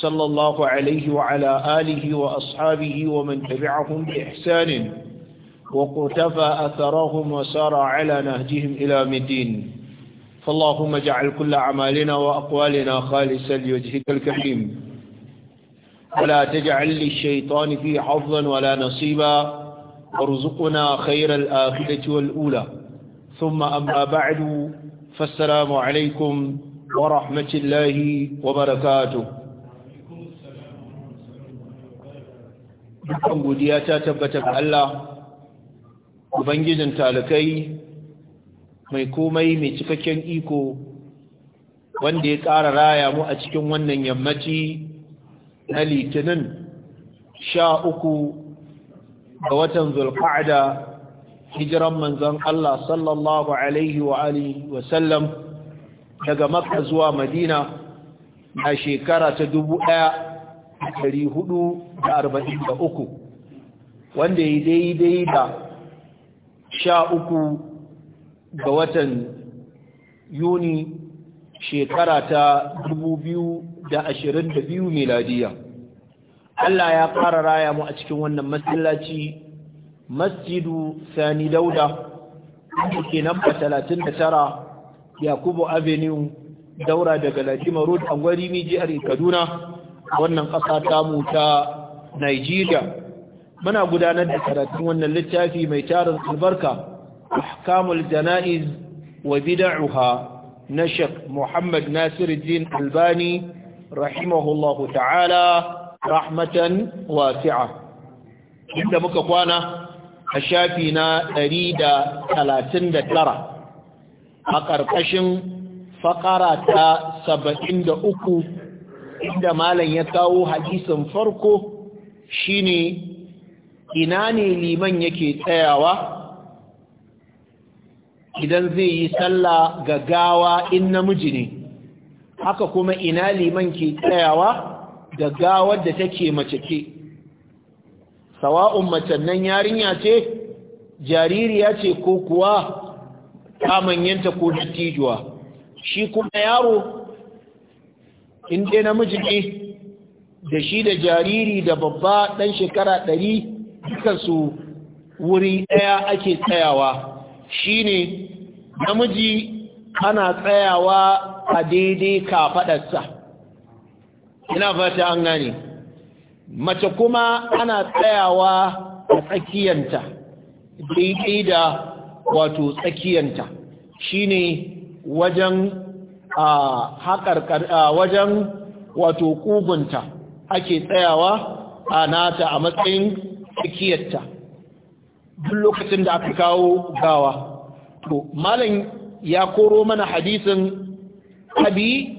صلى الله عليه وعلى آله وأصحابه ومن تبعهم بإحسان وقتفى أثرهم وسار على نهجهم إلى مدين فاللهم اجعل كل أعمالنا وأقوالنا خالصا لوجهك الكريم ولا تجعل للشيطان في حظا ولا نصيبا وارزقنا خير الآخرة والأولى ثم أما بعد فالسلام عليكم ورحمة الله وبركاته dukkan godiya ta tabbata ga Allah ubangijin talakai mai komai mai cikakken iko wanda ya ƙara raya mu a cikin wannan yammaci na litinin sha uku ga watan zulka'ada hijiran manzan Allah sallallahu alaihi wa sallam daga maka zuwa madina a shekara ta dubu ɗaya hudu da arba'in da uku wanda ya daidai da sha uku ga watan yuni shekara ta dubu biyu da ashirin da biyu miladiya Allah ya ƙara raya mu a cikin wannan masallaci masjidu sani dauda da ke namba talatin da tara yakubu avenue daura daga lajima road angwari miji a kaduna wannan ƙasa mu ta Nigeria muna gudanar da karatun wannan littafi mai tarin albarka ahkamul janaiz wa bid'uha na Sheikh Muhammad Nasiruddin Albani rahimahullahu ta'ala rahmatan wasi'a inda muka kwana a shafi na 139 a ƙarƙashin fakara ta 73 inda malam ya kawo hadisin farko shine ina ne liman yake tsayawa idan zai yi sallah ga gawa in namiji ne haka kuma ina liman ke tsayawa ga gawa da take mace ke sawa'un macen nan yarinya ce jaririya ce ko kuwa ta manyanta ko dattijuwa shi kuma yaro in dai namiji ne da shi da jariri da babba ɗan shekara ɗari dukansu wuri ɗaya ake tsayawa shine namiji ana tsayawa a daidai kafaɗarsa ina fata an gane mace kuma ana tsayawa a tsakiyanta daidai da wato tsakiyanta shine wajen a haƙarƙar wajen wato ƙugunta ake tsayawa a nata a matsayin tsakiyarta duk lokacin da aka kawo gawa to malam ya koro mana hadisin abi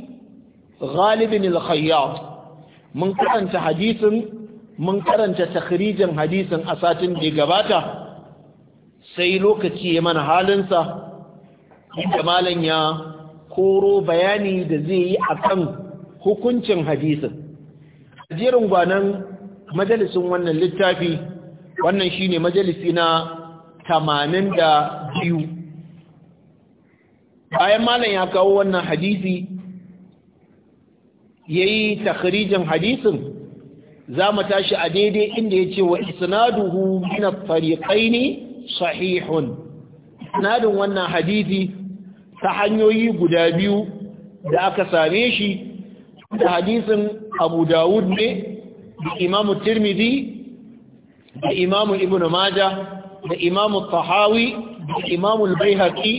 ghalibin al-khayyat mun karanta hadisin mun karanta takhrijin hadisin a satin da gabata sai lokaci ya mana halinsa inda malam ya koro bayani da zai yi akan hukuncin hadisin jerin gwanan majalisin wannan littafi wannan shine majalisi na tamanin da biyu bayan malam ya kawo wannan hadisi ya yi takirijin hadisin za mu tashi a daidai inda ya ce wa isnaduhu min farikai ne sahihun isnadun wannan hadisi ta hanyoyi guda biyu da aka same shi da hadisin abu dawud ne da imamu tirmidhi da imamu ibn maja da imamu tahawi da imamu albayhaqi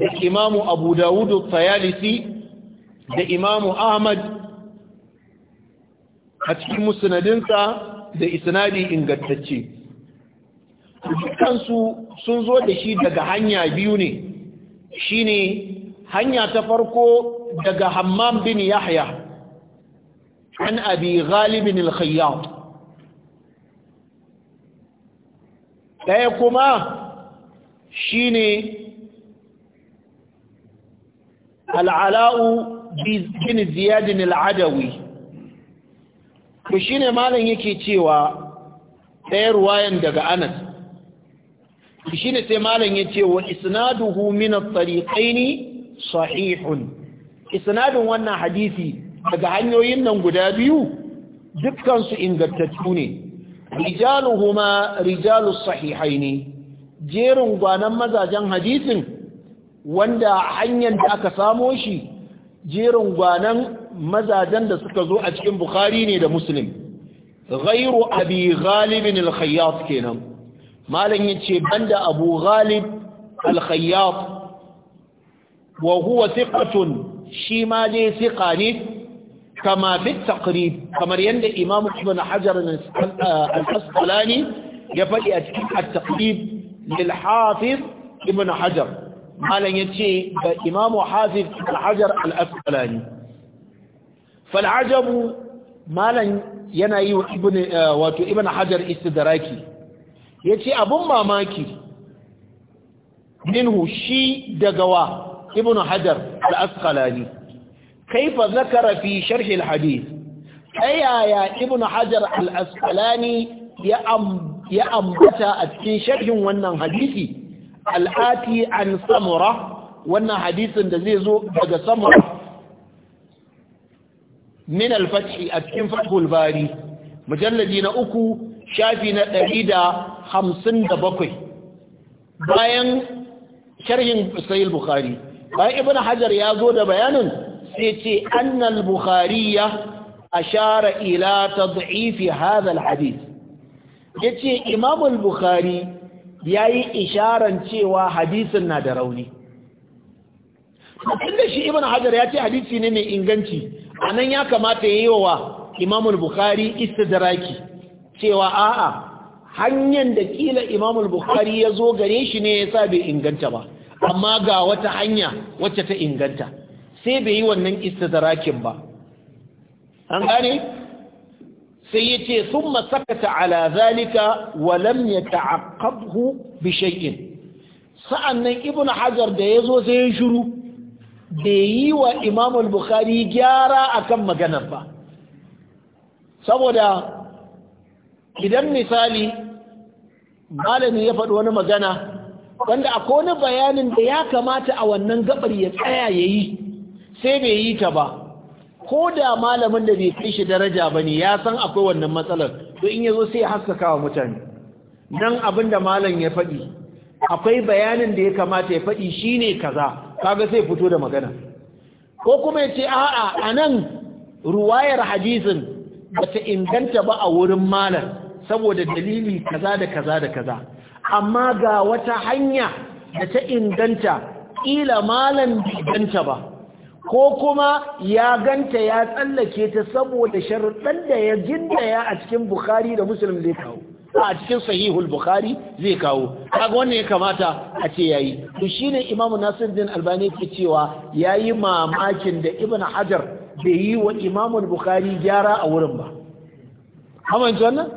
da imamu abu dawud at-tayalisi da imamu ahmad a cikin musnadinsa da isnadi ingantacce dukansu sun zo da shi daga hanya biyu ne shine hanya ta farko daga hammam bin yahya عن أبي غالب الخياط تيكما شيني العلاء بن زياد العدوي وشيني مالن يكي تيوى تير وين دقى أنت وشيني تيمالن يتيوى إسناده من الطريقين صحيح اسناده وانا حديثي daga hanyoyin nan guda biyu dukkansu ingantattu ne rijaluhuma rijalus ne. jerin gwanan mazajen hadisin wanda hanyar da aka samo shi jerin gwanan mazajen da suka zo a cikin bukhari ne da muslim ghairu abi ghalibin al-khayyat kenan malam yace banda abu ghalib al-khayyat wa huwa thiqatun shi ma dai thiqa ne kama bit taqrib kamar yanda imamu ibn hajar al-asqalani ya fadi a cikin at-taqrib lil hafiz ibn hajar malan yace da imamu hafiz al-hajar al-asqalani fal ajabu malan yana yi wa ibn wato ibn hajar istidraki yace abun mamaki minhu shi daga wa ibn hajar al-asqalani kaifa zakara fi sharhil hadith ta yaya ibn hajar al-asqalani ya ambata a cikin sharhin wannan hadisi al'ati an samura wannan hadisin da zai zo daga samura min al-fathi a cikin fathul bari mujalladi na uku shafi na ɗari da hamsin da bakwai bayan sharhin sahih bukhari bayan ibn hajar ya zo da bayanin sai ce annal ya ashara ila tad'ifi hadha alhadith yace imam al-bukhari yayi isharan cewa hadisin na da rauni tunda shi ibn hajar ya ce hadisi ne mai inganci anan ya kamata yayi wa imam al-bukhari istidraki cewa a'a hanyar da kila imam al-bukhari ya zo gare shi ne yasa bai inganta ba amma ga wata hanya wacce ta inganta sai bai yi wannan istidrakin ba an gane sai ya ce sun masakata ala zalika walam ya ta'aqqabhu bi shay'in sa'annan ibnu hajar da yazo sai ya shiru bai yi wa imam al-bukhari gyara akan maganar ba saboda idan misali malami ya faɗi wani magana wanda akwai wani bayanin da ya kamata a wannan gabar ya tsaya ya yi sai bai yi ta ba ko da malamin da bai kai shi daraja ba ne ya san akwai wannan matsalar to in ya zo sai ya haskaka wa mutane nan abin da malam ya faɗi akwai bayanin da ya kamata ya faɗi shine kaza kaga sai fito da magana ko kuma ya ce a'a a nan ruwayar hadisin bata ta inganta ba a wurin malam saboda dalili kaza da kaza da kaza amma ga wata hanya da ta inganta ƙila malam bai danta ba ko kuma ya ganta ya tsallake ta saboda sharuɗan da ya gindaya a cikin bukhari da musulun zai kawo a cikin sahihul bukhari zai kawo kaga wannan ya kamata a ce yayi to shine imamu nasiruddin albani ke cewa yayi mamakin da ibn hajar bai yi wa imamu bukhari gyara a wurin ba amince wannan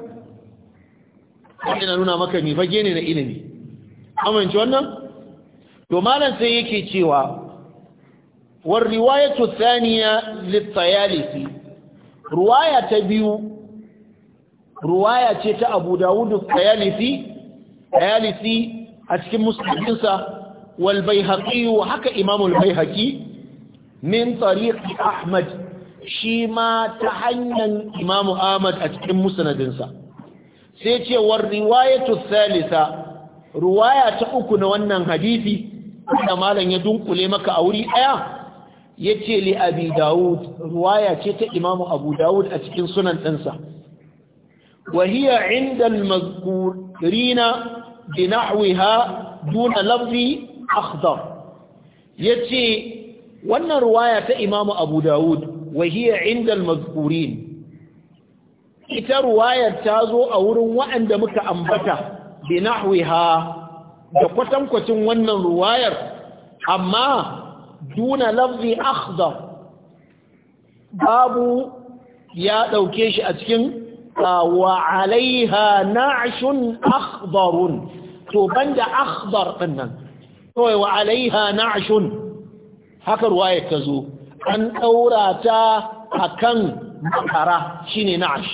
wannan nuna maka ne, fage ne na ilimi amince wannan to malam sai yake cewa والرواية الثانية للطيالسي رواية تبيو رواية أبو داود الطيالسي الطيالسي أتكي مسلمسة والبيهقي وحكى إمام البيهقي من طريق أحمد شيما تحنن إمام آمد أتكي مسندنسة سيتي والرواية الثالثة رواية أكون وانا حديثي da malam ya dunkule maka a wuri ɗaya yace li abi daud ruwaya ce ta imamu abu daud a cikin sunan ɗansa. wa hiya inda al-mazkurina bi nahwiha duna lafzi akhdar yace wannan ruwaya ta imamu abu daud wahiya inda al-mazkurin ita ruwayar ta zo a wurin waɗanda muka ambata bi nahwiha da kwatankwacin wannan ruwayar amma duna lafzi akhdar babu ya ɗauke shi a cikin wa alaiha na'shun akhdarun to banda akhdar dinnan kawai wa alaiha na'shun haka ruwayar ta zo an daura ta akan makara shine na'sh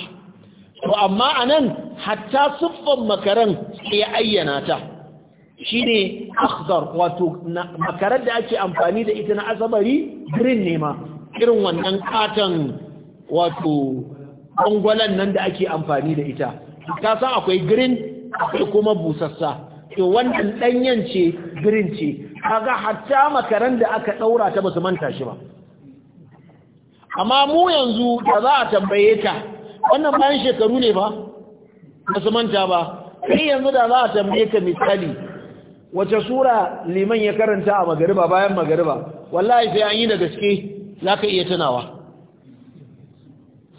to amma anan hatta siffan makaran ya ayyana ta Shi ne akhzar wato makarar da ake amfani da ita na asabari green ne ma irin wannan katon wato bangwalan nan da ake amfani da ita ka san akwai green akwai kuma busassa to wannan danyen ce green ce kaga hatta makaran da aka daura ta basu manta shi ba amma mu yanzu da za a tambaye ta wannan bayan shekaru ne ba basu manta ba Sai yanzu da za a tambaye ka misali wace sura liman ya karanta a magariba bayan magariba wallahi sai an yi da gaske za ka iya tunawa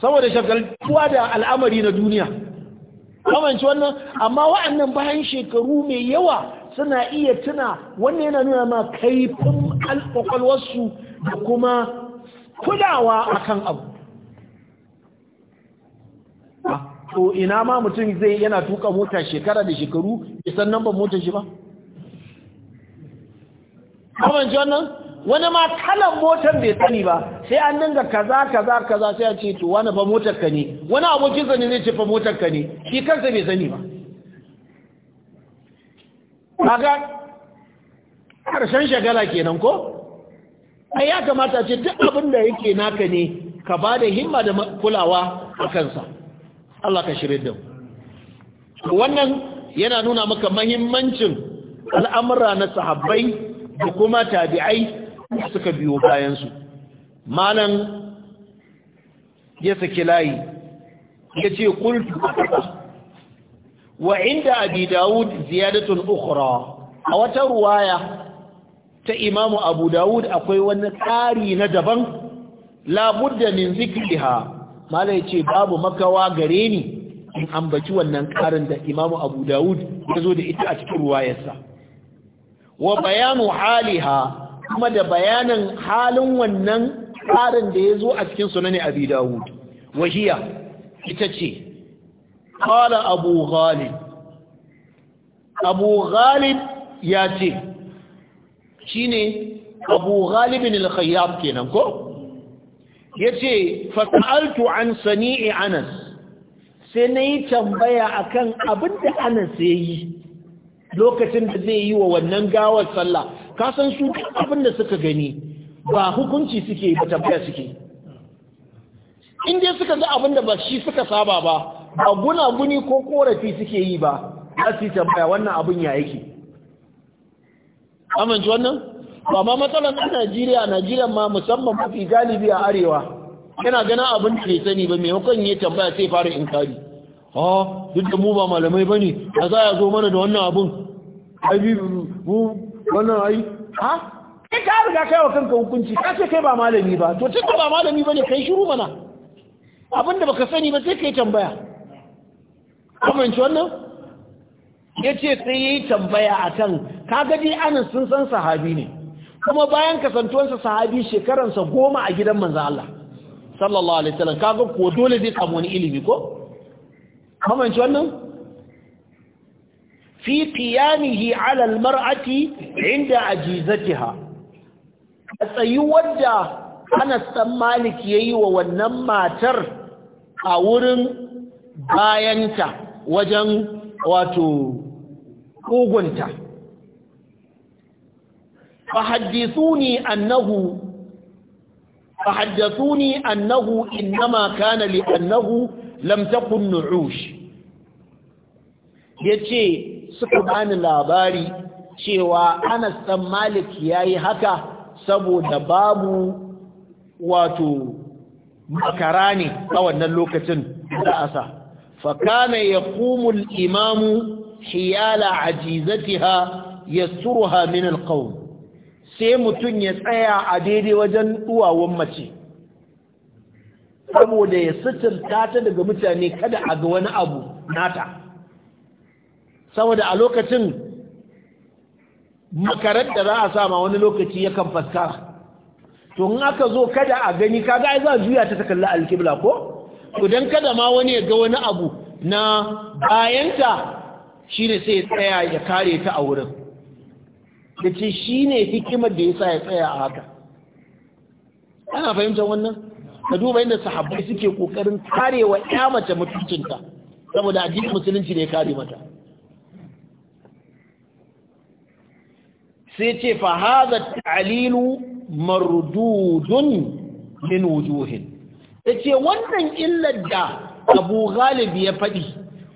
saboda shagaltuwa da al'amari na duniya kamanci wannan amma wa'annan bayan shekaru mai yawa suna iya tuna wannan yana nuna ma kaifin alƙwaƙwalwarsu da kuma kulawa kan abu to ina ma mutum zai yana tuka mota shekara da shekaru isan nan ba motar shi ba kamar ji wannan wani ma kalan motar bai sani ba sai an dinga kaza kaza kaza sai a ce to wani fa motar ka ne wani abokin sa zai ce fa motar ka ne shi kansa bai sani ba kaga karshen shagala kenan ko ai ya kamata ce duk abin da yake naka ne ka ba da himma da kulawa a kansa Allah ka shirin da wannan yana nuna maka mahimmancin al'amura na sahabbai da kuma tabi'ai suka biyo bayansu malam ya saki layi ya ce kultu wa inda abi dawud ziyadatun ukhra a wata ruwaya ta imamu abu dawud akwai wani ƙari na daban labudda min zikriha ya ce babu makawa gare ni in ambaci wannan ƙarin da imamu abu dawud ya zo da ita a cikin ruwayarsa wa bayanu haliha kuma da bayanin halin wannan tsarin da ya zo a cikin sunani abi dawud wahiya ita ce kala abu ghalib abu ghalib ya ce shi ne abu ghalibin al-khayyab kenan ko yace fasa'altu an sani'i anas sai nayi tambaya akan abinda anas yayi lokacin da zai yi wa wannan gawar sallah ka san su abin da suka gani ba hukunci suke ba tabbaya suke in suka ga abin da ba shi suka saba ba ba gunaguni ko korafi suke yi ba za su tabbaya wannan abin ya yake amince wannan ba ma matsalar na najeriya najeriya ma musamman mafi galibi a arewa yana gana abin da ne sani ba maimakon ya tambaya sai fara inkari ha ah, duk da mu ba malamai bane a za a zo mana da wannan abun habibu mu wannan ai ha kai ka riga kai wa kanka hukunci ka ce kai ba malami ba to tunda ba malami bane kai shiru mana abinda baka sani ba sai kai tambaya kamanci wannan Ya ce sai yi tambaya a akan Ka gaji anan sun san sahabi ne kuma bayan kasantuwarsa sahabi shekaransa goma a gidan manzo Allah sallallahu alaihi wasallam kaga ko dole zai samu wani ilimi ko kamanci wannan fi qiyamihi ala almar'ati inda ajizatiha a tsayuwar da Anas dan Malik yayi wa wannan matar a wurin bayanta wajen wato kugunta fahaddithuni annahu fahaddithuni annahu innama kana li annahu lam takun nu'ush yace suka bani labari cewa Anas dan Malik yayi haka saboda babu wato makara ne a wannan lokacin da asa fakana yaqumu al-imamu hiyala ajizatiha ya min al-qawm sai mutun ya tsaya a daidai wajen duwawun mace saboda ya suturta ta daga mutane kada a ga wani abu nata saboda a lokacin makarar da za a sama wani lokaci yakan faskara to in aka zo kada a gani kaga ai za a juya ta takalla alkibla ko to dan kada ma wani ya ga wani abu na bayanta shine sai ya tsaya ya kare ta a wurin shi shine hikimar da yasa ya tsaya a haka ana fahimtar wannan ka duba inda sahabbai suke kokarin karewa ya mace mutuncinta saboda addinin musulunci ne ya kare mata sai ce fa hadha ta'lilu mardudun min wujuhin yace wannan illar da Abu Ghalib ya faɗi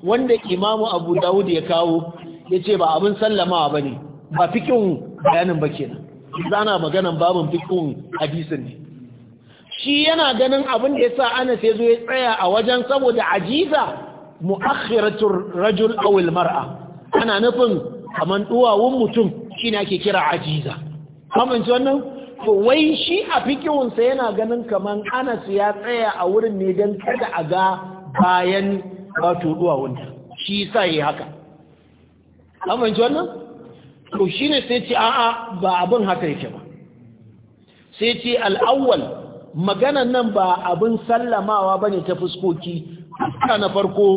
wanda Imam Abu Dawud ya kawo yace ba abin sallamawa bane ba fikin bayanin ba kenan zana maganan babin fikin hadisin ne shi yana ganin abin da yasa Anas ya zo ya tsaya a wajen saboda ajiza mu'akhiratur rajul aw al mar'a ana nufin kaman duwawun mutum shi ne ake kira ajiza kamanci wannan wai shi a fikihunsa yana ganin kamar anas ya tsaya a wurin ne don kada a ga bayan wato wunta shi sa yi haka kamanci wannan to shi ne sai ce a'a ba abin haka yake ba sai ce al'awwal maganan nan ba abin sallamawa ba ne ta fuskoki na farko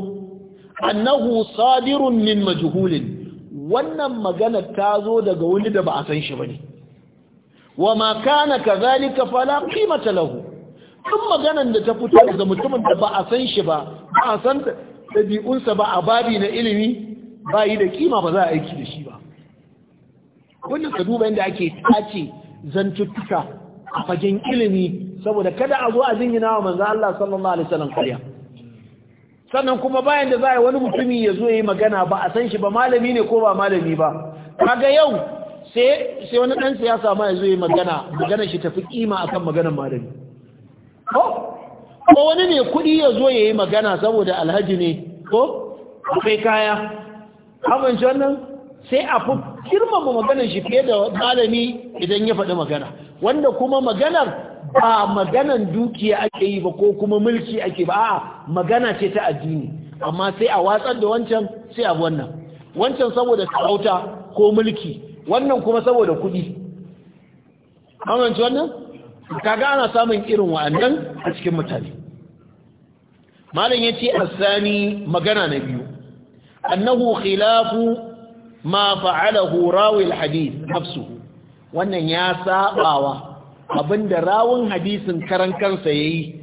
annahu sadirun min majhulin wannan magana ta zo daga wani da ba a san shi bane wa ma kana kazalika fala qimata lahu duk maganan da ta fito daga mutumin da ba a san shi ba ba a san dabi'unsa ba a babi na ilimi ba yi da kima ba za a aiki da shi ba wannan ka duba yadda ake tace zantuttuka a fagen ilimi saboda kada a zo a jingina wa manzo Allah sallallahu alaihi wasallam kariya sannan kuma bayan da za a wani mutumi ya zo ya yi magana ba a san shi ba malami ne ko ba malami ba kaga yau sai wani ɗan siyasa ma ya zo ya yi magana magana shi tafi kima akan maganar malami ko wani ne kuɗi ya zo ya yi magana saboda alhaji ne ko akwai kaya amince wannan sai a fi girmama maganar shi fiye da malami idan ya faɗi magana wanda kuma maganar ba maganan dukiya ake yi ba ko kuma mulki ake ba a magana ce ta addini amma sai a watsar da wancan sai a wannan wancan saboda sarauta ko mulki wannan kuma saboda kuɗi amince wannan kaga ana samun irin wa'annan a cikin mutane malam yace asani magana na biyu annahu khilafu ma fa'alahu rawi alhadith nafsu wannan ya sabawa abinda rawun hadisin karan kansa yayi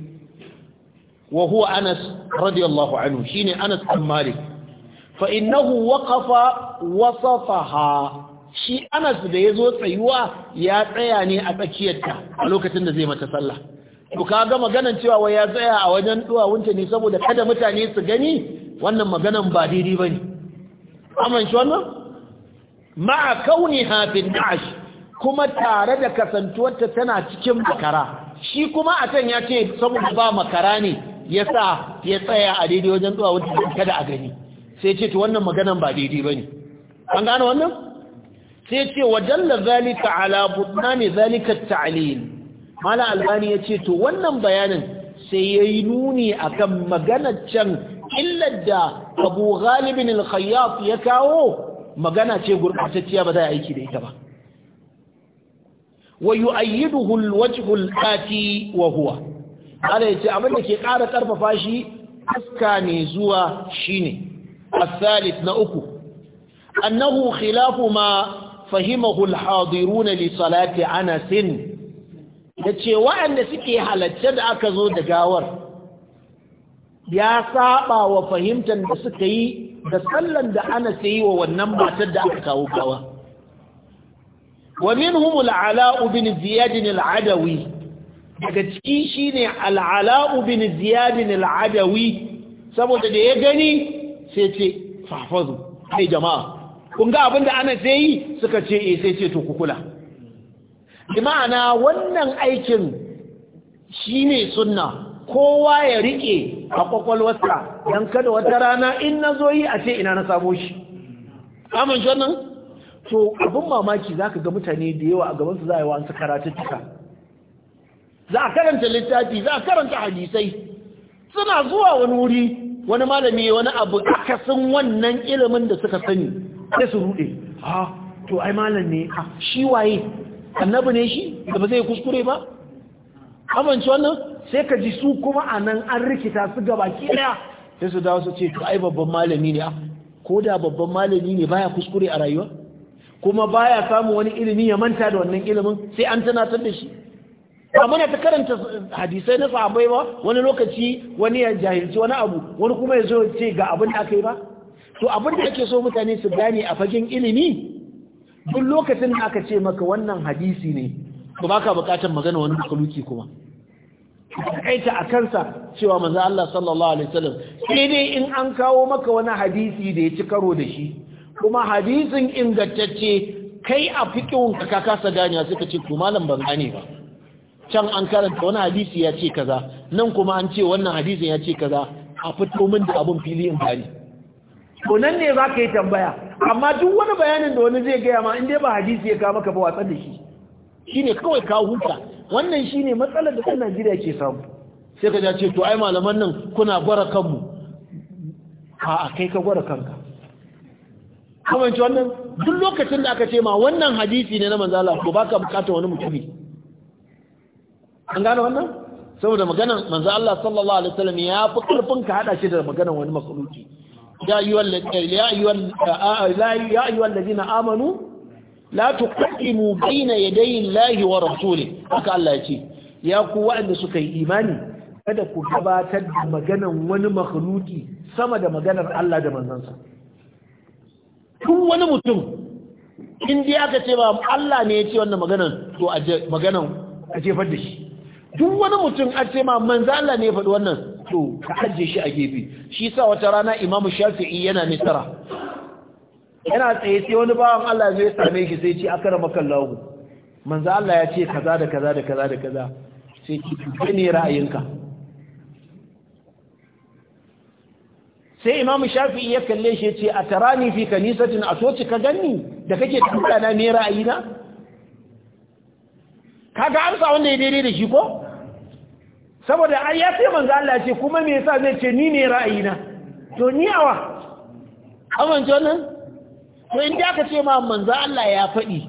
wa huwa Anas radiyallahu anhu shine Anas bin Malik fa innahu waqafa wasafaha shi Anas da ya zo tsayuwa ya tsaya ne a tsakiyarta a lokacin da zai mata sallah to ga maganan cewa wai ya tsaya a wajen duwawunta ne saboda kada mutane su gani wannan maganan ba daidai bane amma shi wannan ma'a kauniha bin na'ash kuma tare da kasantuwarta tana cikin makara shi kuma a can ya ce saboda ba makara ne ya sa ya tsaya a daidai wajen zuwa wajen kada a gani sai ce to wannan maganan ba daidai ba ne an gano wannan sai ce wajen da zalika ala butna ne zalika ta'alil mala albani ya ce to wannan bayanin sai ya yi nuni a kan maganar can illar da abu galibin alkhayyaf ya kawo magana ce gurɓatacciya ba za a aiki da ita ba wa yu'ayyiduhu alwajhu alati wa huwa Allah yace abin da ke ƙara ƙarfafa shi fuska ne zuwa shine na uku, annahu khilafu ma خلاف ما فهمه الحاضرون لصلاة أنس yace wa'anda suke halarce da aka zo da gawar ya saba wa fahimtar da suka yi da sallan da ana yi wa wannan matar da aka kawo gawa wa minhum al al-adawi daga ciki shine al'ala ala ibn ziyad al-adawi saboda da ya gani sai ce fafazu ai jama'a kun ga abinda ana sai yi suka ce eh sai ce to ku kula ma'ana wannan aikin shine sunna kowa ya rike a kwakwalwarsa dan kada wata rana in na zo yi a ce ina na samo shi amma nan To abin mamaki za ka ga mutane da yawa a gabansu za a yi wa su tuka za a karanta littafi za a karanta hadisai suna zuwa wani wuri wani malami wani abu kakasin wannan ilimin da suka sani ya su rude ha to ai malam ne ha shi waye annabi ne shi da ba zai kuskure ba amince wannan sai ka ji su kuma a nan an rikita su gaba kira Ya su dawo su ce to ai babban malami ne ko da babban malami ne baya kuskure a rayuwa kuma baya samu wani ilimi ya manta da wannan ilimin sai an tunatar da shi ba muna ta karanta hadisai na sahabbai ba wani lokaci wani ya jahilci wani abu wani kuma ya zo ce ga abin da aka yi ba to abin da ake so mutane su gane a fagen ilimi duk lokacin da aka ce maka wannan hadisi ne ba baka bukatar magana wani makaluki kuma aita a kansa cewa manzo Allah sallallahu alaihi wasallam sai dai in an kawo maka wani hadisi da ya ci karo da shi kuma hadisin ingantacce kai a fikihun ka kasa ganiya suka ce to malam ban gane ba can an karanta wani hadisi ya ce kaza nan kuma an ce wannan hadisin ya ce kaza a fito min da abun fili in bani to nan ne za ka yi tambaya amma duk wani bayanin da wani zai gaya ma in dai ba hadisi ya kama maka ba watsar da shi shine kawai ka huta wannan shine matsalar da ɗan Najeriya ke samu sai ka ce to ai malaman nan kuna gwara kanmu a kai ka gwara kanka kamanci wannan duk lokacin da aka ce ma wannan hadisi ne na manzala ko baka bukata wani mutumi an gane wannan saboda maganan manzo Allah sallallahu alaihi wasallam ya fi karfin ka hada shi da magana wani makhluki ya ayyuhal ya ayyuhal ya ayyuhal ladina amanu la tuqaddimu bayna yaday Allah wa rasulih haka Allah ya ce ya ku waɗanda suka yi imani kada ku gabatar da maganar wani makhluki sama da maganar Allah da manzansa tun wani mutum in dai aka ce ba Allah ne ya ce wannan maganar to a maganan a jefar da shi duk wani mutum a ce ma manzo Allah ne ya faɗi wannan to ka ajiye shi a gefe shi sa wata rana Imam Shafi'i yana nisara yana tsaye sai wani bawan Allah zai same shi sai ce akramaka Allah manzo Allah ya ce kaza da kaza da kaza da kaza sai ki ne ra'ayinka sai imamu shafi'i ya kalle shi ce a ni fi kanisatin a coci ka ganni da kake tambaya na me ra'ayi na kaga amsa wanda ya daidai da shi ko saboda ai ya ce manzo Allah ce kuma me yasa zai ce ni ne ra'ayi na to ni awa amince wannan to in da ka ce ma manzo Allah ya faɗi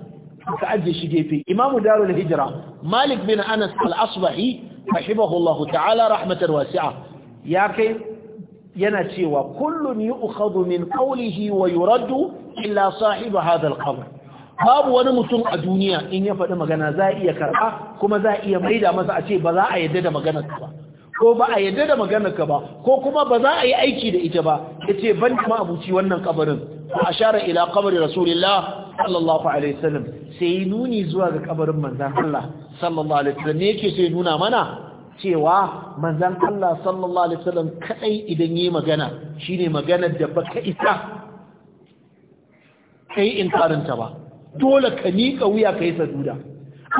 ka ajiye shi gefe imamu darul hijra malik bin anas al-asbahi rahimahullahu ta'ala rahmatar wasi'a ya kai yana cewa kullun yu'khadhu min qawlihi wa yuraddu illa sahibu hadha al-qabr babu wani mutum a duniya in ya faɗi magana za iya karɓa kuma za a iya maida masa a ce ba za a yadda da maganar ka ba ko ba a yadda da maganar ka ba ko kuma ba za a yi aiki da ita ba yace ban ma abuci wannan kabarin wa ashara ila qabri rasulillah sallallahu alaihi wasallam sai nuni zuwa ga kabarin manzon Allah sallallahu alaihi wasallam ne yake sai nuna mana cewa manzan Allah sallallahu alaihi wasallam kadai idan yi magana shine maganar da baka isa kai inkarinta ba dole ka miƙa wuya kai saduda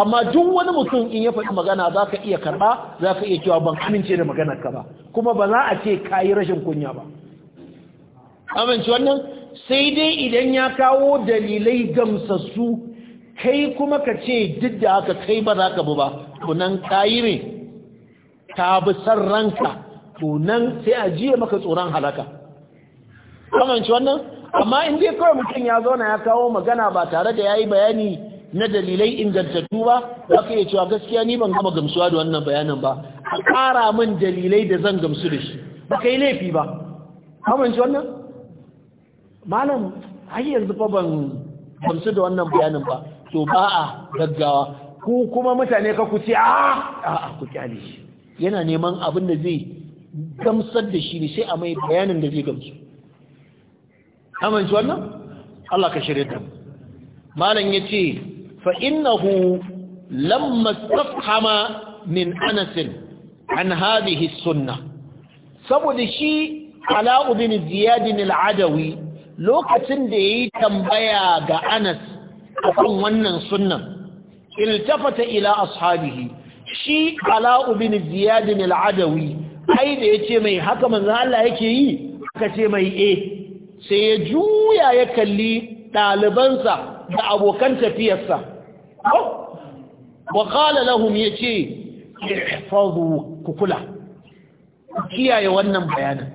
amma duk wani mutum in ya faɗi magana za ka iya karɓa za ka iya cewa ban amince da maganar ka ba kuma ba za a ce ka yi rashin kunya ba amince wannan sai dai idan ya kawo dalilai gamsassu kai kuma ka ce duk da haka kai ba za ka bu ba kunan ka yi ta bi san ranka to nan sai a jiye maka tsoron halaka kamanci wannan amma in dai kawai mutum ya zauna ya kawo magana ba tare da ya yi bayani na dalilai ingantattu ba za ka iya cewa gaskiya ni ban gama gamsuwa da wannan bayanin ba a ƙara min dalilai da zan gamsu da shi ba ka yi laifi ba kamanci wannan malam har yanzu fa ban gamsu da wannan bayanin ba to ba a gaggawa ku kuma mutane ka ku ce a a ku kyale shi yana neman abin da zai gamsar da shi ne sai a mai bayanin da zai gamsu amince wannan Allah ka shirye ta malam yace fa innahu lamma min anasin an hadhihi sunnah saboda shi Ala'u bin Ziyad al lokacin da yayi tambaya ga Anas akan wannan sunnan iltafata ila ashabihi shi ala'u bin ziyadin al'adawi ai da yace mai haka manzo Allah yake yi aka ce mai eh sai ya juya ya kalli ɗalibansa da abokan tafiyarsa wa kala lahum yace ihfazu kukula kiyaye wannan bayanin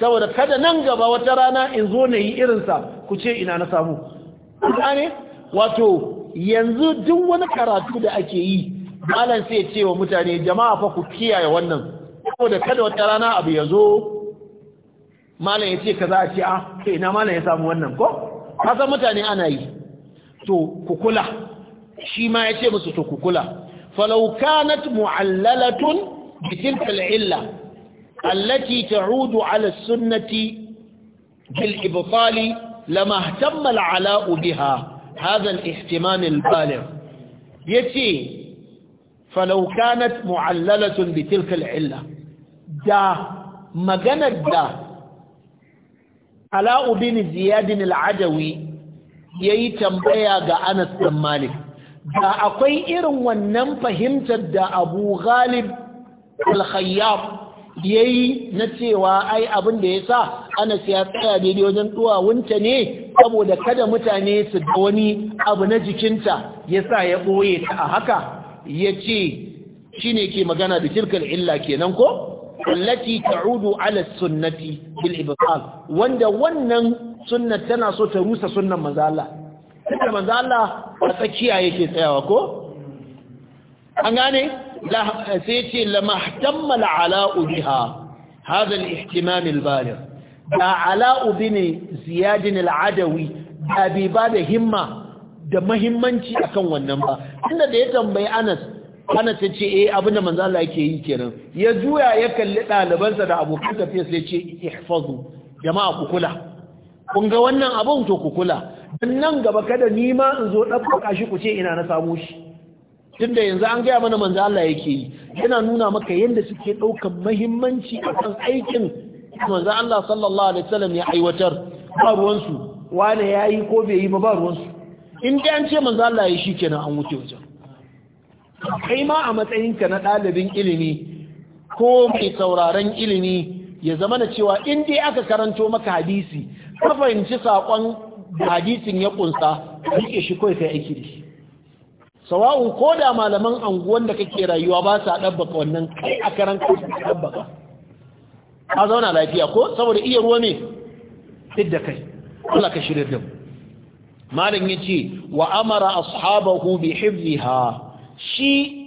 saboda kada nan gaba wata rana in zo na yi irinsa ku ce ina na samu wato yanzu duk wani karatu da ake yi malam sai ce wa mutane jama'a fa ku kiyaye wannan saboda kada wata rana abu ya zo malam ya ce kaza a ce a ah, sai ina malam ya samu wannan ko kasan mutane ana yi to ku kula shi ma ya ce musu to ku kula falau kanat mu'allalatun bi tilka illa allati ta'udu ala sunnati bil ibtali lama ihtamma ala alau biha hadha al-ihtimam al-baligh yace falau kanat mu'allalatun bi tilka al'illa da maganar da ala'u bin ziyadin yayi tambaya ga Anas bin Malik da akwai irin wannan fahimtar da Abu Ghalib al-Khayyab yayi na cewa ai abin da yasa Anas ya tsaya daidai wajen duwawunta ne saboda kada mutane su ga wani abu na jikinta yasa ya boye ta a haka ya ce shi ne ke magana da tilkar illa kenan ko? allati ta'udu ala sunnati bil ibtal wanda wannan sunnat tana so ta rusa sunnan Manzala? Allah kuma manzo Allah a tsakiya yake tsayawa ko an gane sai yace lama ihtamala ala biha هذا الاهتمام البالغ da ala'u bin ziyadin al'adawi abi ba da himma da mahimmanci akan wannan ba inda da ya tambayi Anas Anas ya ce eh abinda manzo Allah yake yi kenan ya juya ya kalli ɗalibansa da abokan tafiya sai ya ce ihfazu jama'a ku kula kun ga wannan abun to ku kula dan nan gaba kada ni ma in zo ɗabbaka shi ku ce ina na samu shi tunda yanzu an gaya mana manzo Allah yake yi yana nuna maka yadda suke ɗaukan mahimmanci akan aikin manzo Allah sallallahu alaihi wasallam ya aiwatar ba ruwansu wane yi ko bai yi ba ba ruwansu in dai an ce manzo Allah ya shi kenan an wuce wajen kai ma a matsayinka na ɗalibin ilimi ko mai sauraron ilimi ya zama na cewa in dai aka karanto maka hadisi ka fahimci saƙon hadisin ya ƙunsa rike shi kawai kai aiki da shi sawa'un ko da malaman anguwan da kake rayuwa ba sa ɗabbaka wannan kai a karan ka ɗabbaka ka zauna lafiya ko saboda iya ruwa ne duk da kai Allah ka shirya da mu malam yace wa amara ashabahu bi hifziha shi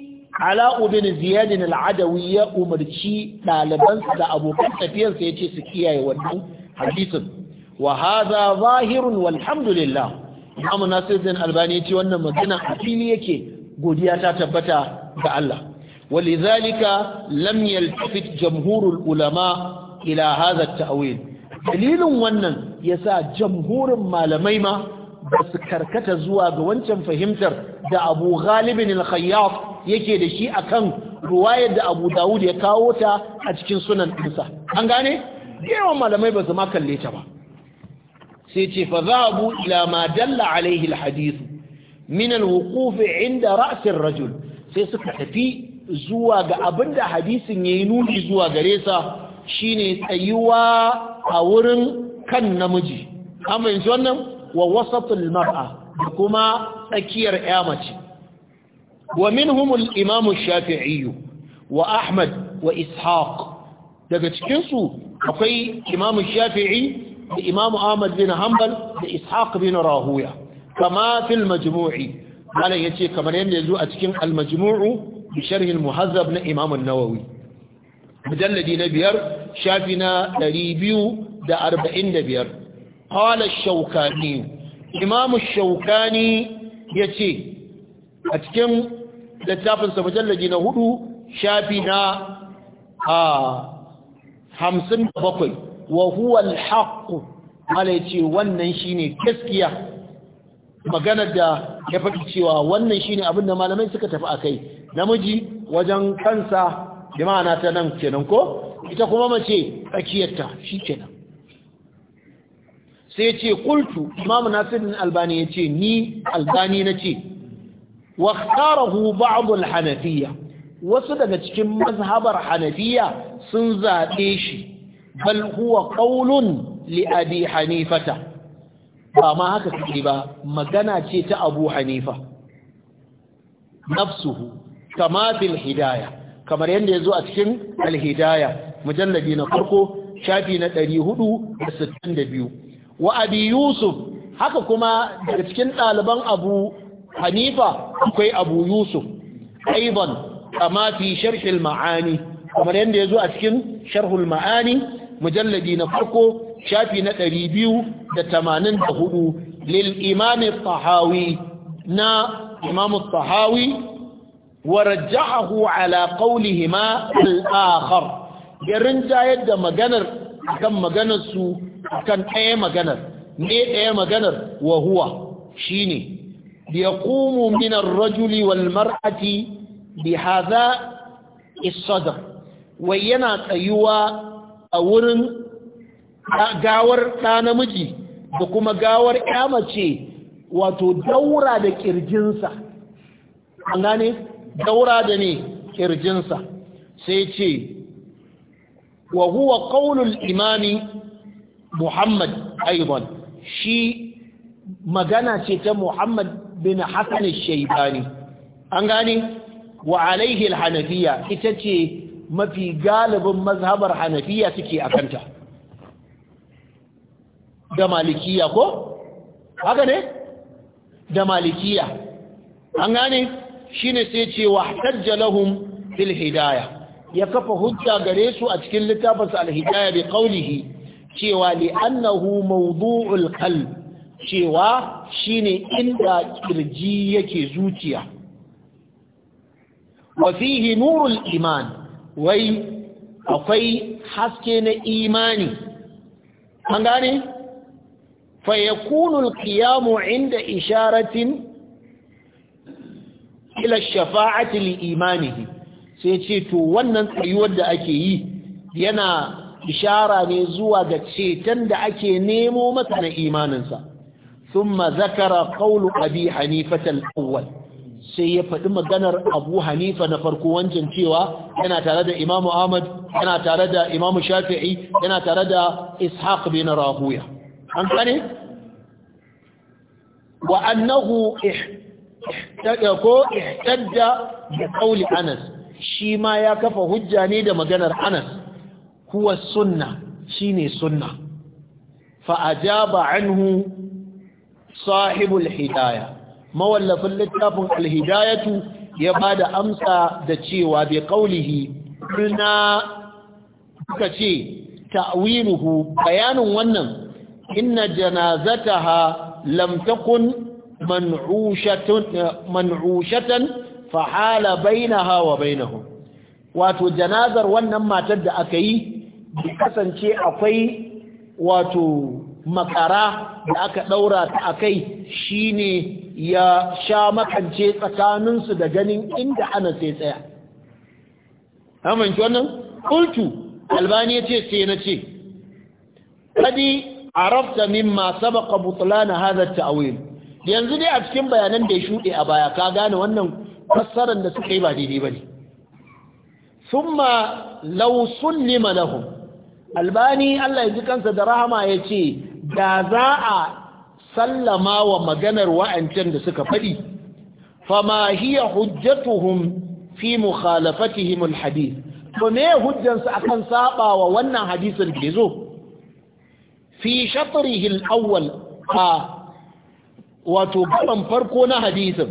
ala'u bin ziyadin al'adawi ya umarci ɗalibansa da abokan tafiyarsa ya ce su kiyaye wannan hadisin wa haza zahirun walhamdulillah imam nasiruddin albani ya ce wannan magana a yake godiya ta tabbata ga Allah walizalika lam yaltafit jamhurul ulama ila hadha at-ta'wil dalilin wannan yasa jamhurin malamai ma ba su karkata zuwa ga wancan fahimtar da abu ghalibin al-khayyaf yake da shi akan ruwayar da abu dawud ya kawo ta a cikin sunan ɗinsa an gane yawan malamai ba su ma kalle ta ba sai ce fa zahabu ila ma dalla alaihi al min al inda ra's rajul sai suka tafi zuwa ga abinda hadisin yayi nuni zuwa gare sa shine tsayuwa a wurin kan namiji an fahimci wannan wa wasatul mar'a da kuma tsakiyar ya mace wa minhumul imamu shafi'i wa ahmad wa ishaq daga cikin su akwai imamu shafi'i da imamu ahmad bin hanbal da ishaq bin rahuya kama fil majmu'i malam yace kamar yanda yazo a cikin al majmu'u bi sharh al muhazzab na imam an-nawawi mujalladi na biyar shafi na 245 qala ash-shawkani imam ash-shawkani yace a cikin littafin sa mujallaji na hudu shafi na a 57 wa huwa al-haqq malai wannan shine gaskiya maganar da ya faɗi cewa wannan shine abin da malamai suka tafi akai namiji wajen kansa bi ma'ana ta nan kenan ko ita kuma mace akiyarta shi kenan sai ce kultu imamu nasirin albani ya ce ni albani na ce waktarahu ba'dul hanafiya wasu daga cikin mazhabar hanafiya sun zaɓe shi bal huwa ƙaunun li'adi hanifata ba ma haka kake ba magana ce ta abu hanifa nafsuhu kama fil hidaya kamar yadda ya zo a cikin alhidaya mujallabi na farko shafi na 462 wa abi yusuf haka kuma daga cikin ɗaliban abu hanifa akwai abu yusuf aiban kama fi sharhil ma'ani kamar yadda ya zo a cikin sharhul ma'ani mujalladi na farko shafi na ɗari biyu da tamanin da hudu lil imami tahawi na imamu tahawi wa rajjahu ala qawlihima al-akhar Garin ta da maganar akan maganar su akan ɗaya maganar ne ɗaya maganar wa huwa shine ya ƙumu ar-rajuli wal mar'ati bi haza as wai yana tsayuwa a wurin gawar ɗa namiji da kuma gawar ƴa mace wato daura da ƙirjinsa. an gane daura da ne ƙirjinsa. sai ce wa huwa qaulul imani muhammad Aibon shi magana ce ta muhammad bin hassan shaibani an gane wa alaihi hanafiya ita ce mafi galibin mazhabar hanafiya suke a kanta da malikiya ko? haka ne? da malikiya an gane shi ne sai ce wa tajjalahun fil ya kafa hujja gare su a cikin littafinsa alhidaya bai bi qawlihi cewa li'annahu mawdu'ul qalb cewa shine inda kirji yake zuciya wa fihi nurul iman wai akwai haske na imani an gane fa yakunu qiyamu inda isharatin ila shafa'ati li sai ce to wannan tsayuwar da ake yi yana ishara ne zuwa ga ceton da ake nemo masa na imaninsa Sun zakara qawlu abi hanifa awwal sai ya faɗi maganar abu hanifa na farko wancan cewa yana tare da imamu ahmad yana tare da imamu shafi'i yana tare da ishaq bin rahuya an kane wa annahu ko ihtajja bi qawli anas shi ma ya kafa hujja ne da maganar anas Kuwa sunna shine sunna fa ajaba anhu sahibul hidaya mawallafin littafin alhidayatu ya ba da amsa da cewa bai qaulihi na suka ce ta'wiluhu bayanin wannan inna janazataha lam takun man'ushatan man'ushatan fa hala bainaha wa wato janazar wannan matar da aka yi da kasance akwai wato makara da aka ɗaura ta a kai shi ne ya sha makance tsakaninsu da ganin inda ana sai tsaya. Amince wannan? Kultu, albani ya ce sai na ce, Kadi arafta mimma sabaka butulana hazar ta'awil. Yanzu dai a cikin bayanan da ya shuɗe a baya ka gane wannan fassarar da suka yi ba daidai ba ne. summa law sullima lahum albani Allah ya ji kansa da rahama yace da za a sallama wa maganar wa'ancan da suka faɗi fama hiya hujjatuhum fi mukhalafatihim alhadith to me hujjansu akan saba wa wannan hadisin da zo fi shatrihi alawwal a wato gaban farko na hadisin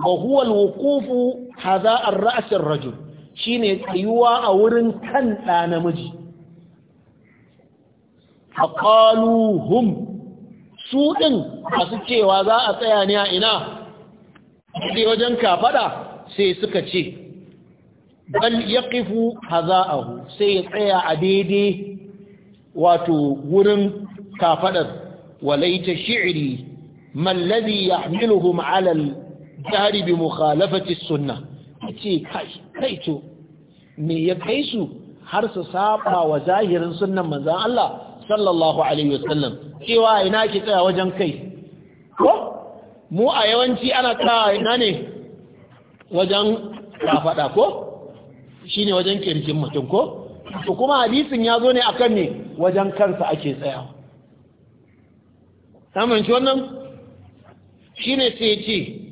wa huwa alwuqufu hadha ar-ra's rajul shine tsayuwa a wurin kan ɗa namiji hum su ɗin masu cewa za a tsaya ne a ina sai wajen kafaɗa sai suka ce bal ya ƙifu haza'ahu sai ya tsaya a daidai wato wurin kafaɗar walaita shi'iri mallazi ya hamiluhum alal jaribi mukhalafati sunna ce kai to me ya kai su har su saba wa zahirin sunnan manzan Allah sallallahu alaihi wasallam cewa ina ki tsaya wajen kai ko mu a yawanci ana tsaya ina ne wajen kafada ko shine wajen kirkin mutum ko to kuma hadisin ya zo ne akan ne wajen kansa ake tsaya samun shi wannan shine sai ce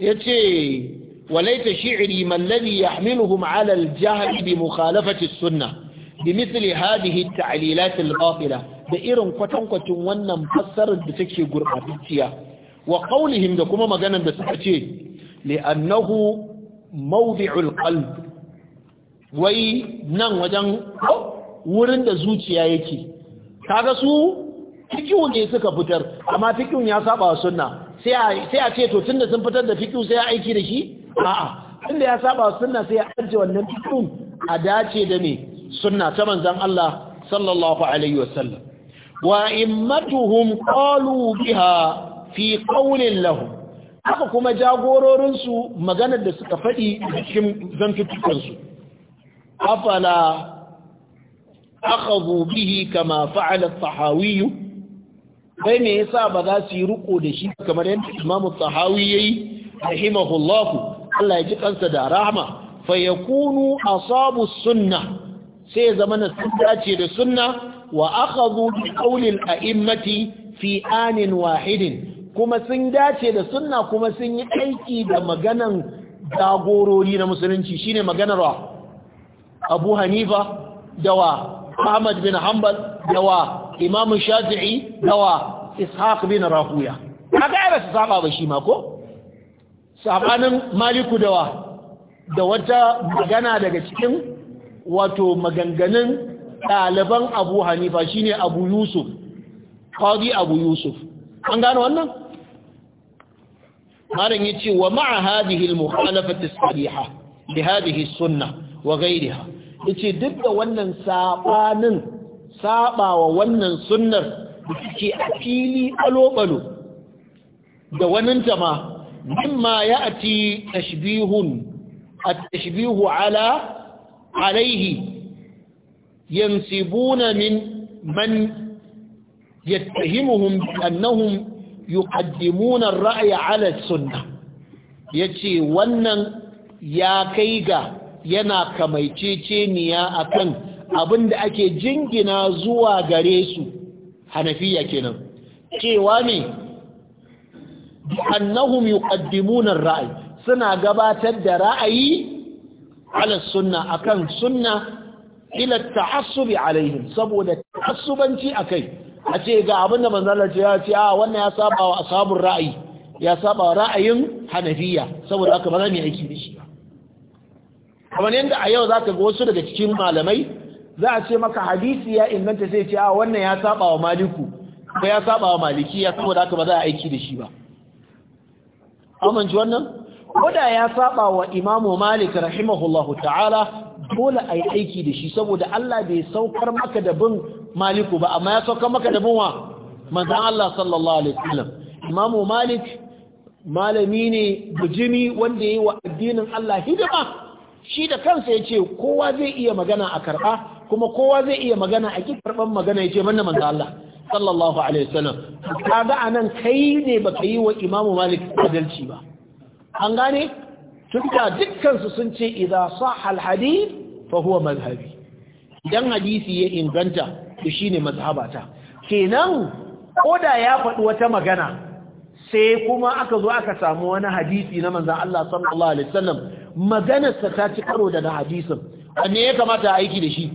yace walaita shi'iri man ya yahmiluhum ma'alar jihar jahl bi suna as-sunnah bi da irin kwatankwacin wannan fassarar da take gurbatacciya wa qawlihim da kuma maganar da suka ce li'annahu mawdi'ul kalb wai nan wajen wurin da zuciya yake kaga su fikihu ne suka fitar amma fikihun ya saba wa sunna sai a ce to tunda sun fitar da fiqh sai a aiki da shi a'a tunda ya saba suna sai a ajiye wannan fiqh a dace da ne sunna ta manzon Allah sallallahu alaihi wasallam wa immatuhum qalu biha fi qawlin lahu. haka kuma jagororinsu maganar da suka faɗi cikin zantuttukansu afala akhadhu bihi kama fa'ala at sai me yasa ba za su yi riko da shi kamar yadda Imam Tahawi yayi rahimahullahu Allah ya ji kansa da rahma fa yakunu asabu sunna sai ya zama sun dace da sunna wa akhadhu bi qawli al-a'immati fi anin wahidin kuma sun dace da sunna kuma sun yi aiki da maganan jagorori na musulunci shine maganar Abu Hanifa da wa Ahmad bin Hanbal da wa imamu shafi'i dawa ishaq bin rahuya kaga ai ba saba ba shi mako? ko sabanin maliku dawa da wata magana daga cikin wato maganganun ɗaliban abu hanifa shine abu yusuf qadi abu yusuf an gano wannan malam ce wa ma'a hadhihi al-mukhalafati da sahiha li hadhihi as-sunnah wa yace duk da wannan sabanin saɓawa wannan sunnar da suke a fili alobalo da waninta ma mimma ya ati tashbihun a tashbihu ala alaihi yansibuna min man yattahimuhum annahum yuqaddimuna ar-ra'ya ala as-sunnah yace wannan ya kai ga yana ya akan Abin da ake jingina zuwa gare su hanafiya kenan cewa ne annahum yuqaddimuna ar ray suna gabatar da ra'ayi ala sunna akan sunna ila ta'assubi alaihim saboda ta'assubanci akai a ce ga abinda manzo ce ya ce a ah, wannan ya saba wa ashabun ra'ayi ya saba ra'ayin hanafiya saboda aka ba za mu yi aiki da shi kamar yanda a yau zaka ga wasu daga cikin malamai za a ce maka hadisi ya inganta sai ce a wannan ya saba wa maliku ko ya saba wa maliki ya saboda haka ba za a aiki da shi ba amince wannan koda ya saba wa imamu malik rahimahullahu ta'ala dole a yi aiki da shi saboda Allah bai saukar maka da bin maliku ba amma ya saukar maka da bin wa manzan Allah sallallahu alaihi wasallam imamu malik malami ne bujimi wanda yayi wa addinin Allah hidima shi da kansa ya ce kowa zai iya magana a karɓa kuma kowa zai iya magana a ki karɓan magana ya ce manna manzo Allah sallallahu alaihi wasallam anan kai ne baka yi wa Imam Malik adalci ba an gane tunda dukkan su sun ce idza sahha al-hadith fa huwa madhhabi idan hadisi ya inganta to shine mazhabata kenan koda ya faɗi wata magana sai kuma aka zo aka samu wani hadisi na manzon Allah sallallahu alaihi wasallam maganarsa ta ci karo da na hadisin wanne ya kamata aiki da shi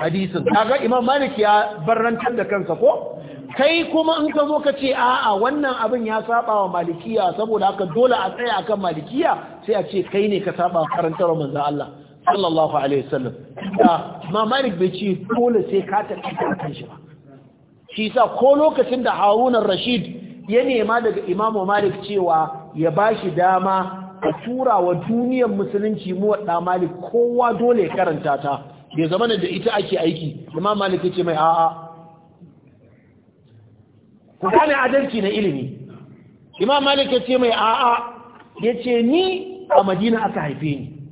hadisin kaga imam malik ya barrantar da kansa ko kai kuma in ka zo ka ce a'a wannan abin ya saba wa malikiya saboda haka dole a tsaya akan malikiya sai a ce kai ne ka saba wa karantar manzo Allah sallallahu alaihi wasallam da ma malik bai ce dole sai ka tafi kan shi ba shi sa ko lokacin da Harun Rashid ya nema daga imamu Malik cewa ya bashi dama a tura wa duniyar musulunci mu wadda malik kowa dole karanta ta bai zama da ita ake aiki imam malik yace mai a'a ku gane adalci na ilimi imam malik yace mai a'a yace ni a madina aka haife ni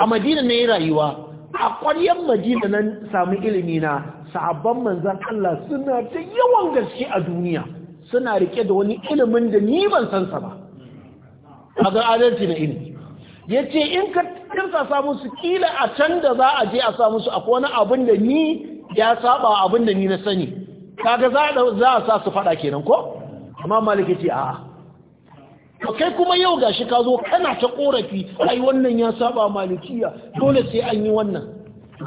a madina ne rayuwa a ƙwaryen madina nan samu ilimi na sahabban manzan Allah suna ta yawan gaske a duniya suna rike da wani ilimin da ni ban san sa ba a ga adalci na ilimi ya ce in ka kirka samun su kila a can da za a je a samu su akwai wani abin da ni ya saba abin da ni na sani kaga za a sa su fada kenan ko amma maliki ce a'a to kai kuma yau gashi ka zo kana ta korafi ai wannan ya saba malikiya dole sai an yi wannan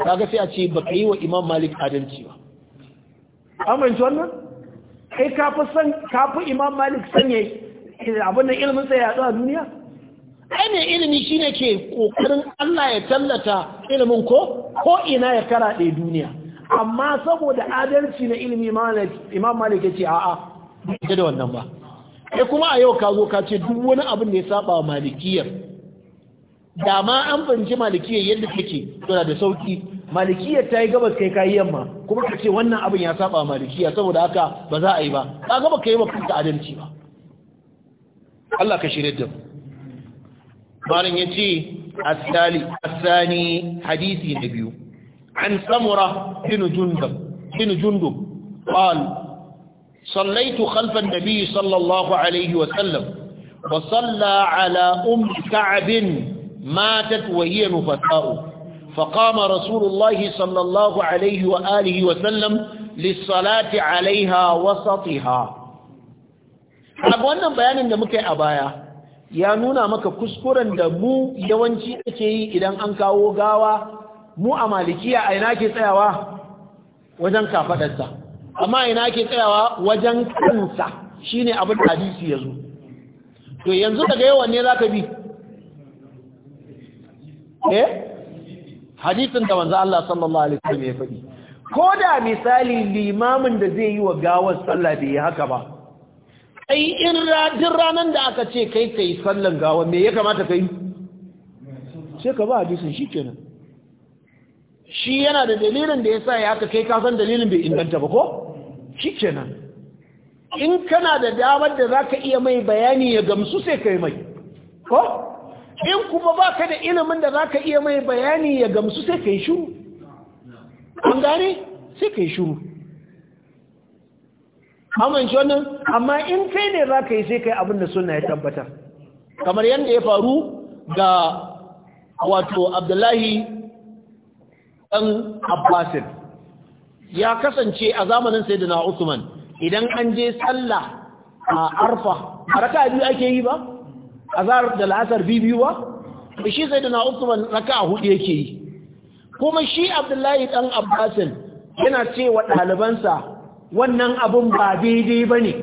kaga sai a ce ba ka yi wa imam malik adalci ba amince wannan kai ka fi imam malik sanya abin da ilimin sai ya haɗu a duniya ai ne ilimi shine ke kokarin Allah ya tallata ilimin ko ko ina ya karaɗe duniya amma saboda adalci na ilimi imam malik ya ce a'a ba da wannan ba sai kuma a yau ka zo ka ce duk wani abin da ya saba wa malikiyar da ma an fahimci malikiyar yadda take tana da sauki malikiyar ta yi gabas kai kayi yamma kuma ka ce wannan abin ya saba wa malikiyar. saboda haka ba za a yi ba ka gaba ka yi wa kanka adalci ba Allah ka da mu. Barin ya ce, "Asani hadisi na biyu, an samura binu jundum, ƙwal, sallaitu khalfan nabi sallallahu Alaihi wasallam, wa salla ala umu ka'abin matat wa yi nufasa'u, فقام رسول الله صلى الله عليه وآله وسلم للصلاة abu wannan bayanin da muka yi a baya ya nuna maka kuskuren da mu yawanci ake yi idan an kawo gawa mu a malikiya a ina ke tsayawa wajen kafadarsa amma ina ke tsayawa wajen kansa ne abin hadisi ya zo to yanzu daga yawan ne za ka bi eh hadisin da wanzu Allah sallallahu alaihi wasallam ya faɗi ko da misali limamin da zai yi wa gawar sallah bai haka ba kai in radin ranar da aka ce kai kai sallan gawa me ya kamata kai sai ka ba hadisin shi shi yana da dalilin da ya sa ya aka kai kasan dalilin bai inganta ba ko shi in kana da damar da za ka iya mai bayani ya gamsu sai kai mai ko in kuma ba ka da ilimin da za ka iya mai bayani ya gamsu sai kai shuru an gane sai kai shuru haman shi wannan amma in kai ne za ka yi sai kai abin da suna ya tabbatar kamar yadda ya faru ga wato abdullahi ɗan abbasin ya kasance a zamanin sai na usman idan an je tsalla a arfa a raka biyu ake yi ba a zarar da la'asar biyu ba shi sai na usman raka a hudu yake yi kuma shi abdullahi ɗan abbasin yana ce wa ɗalibansa wannan abun ba daidai ba ne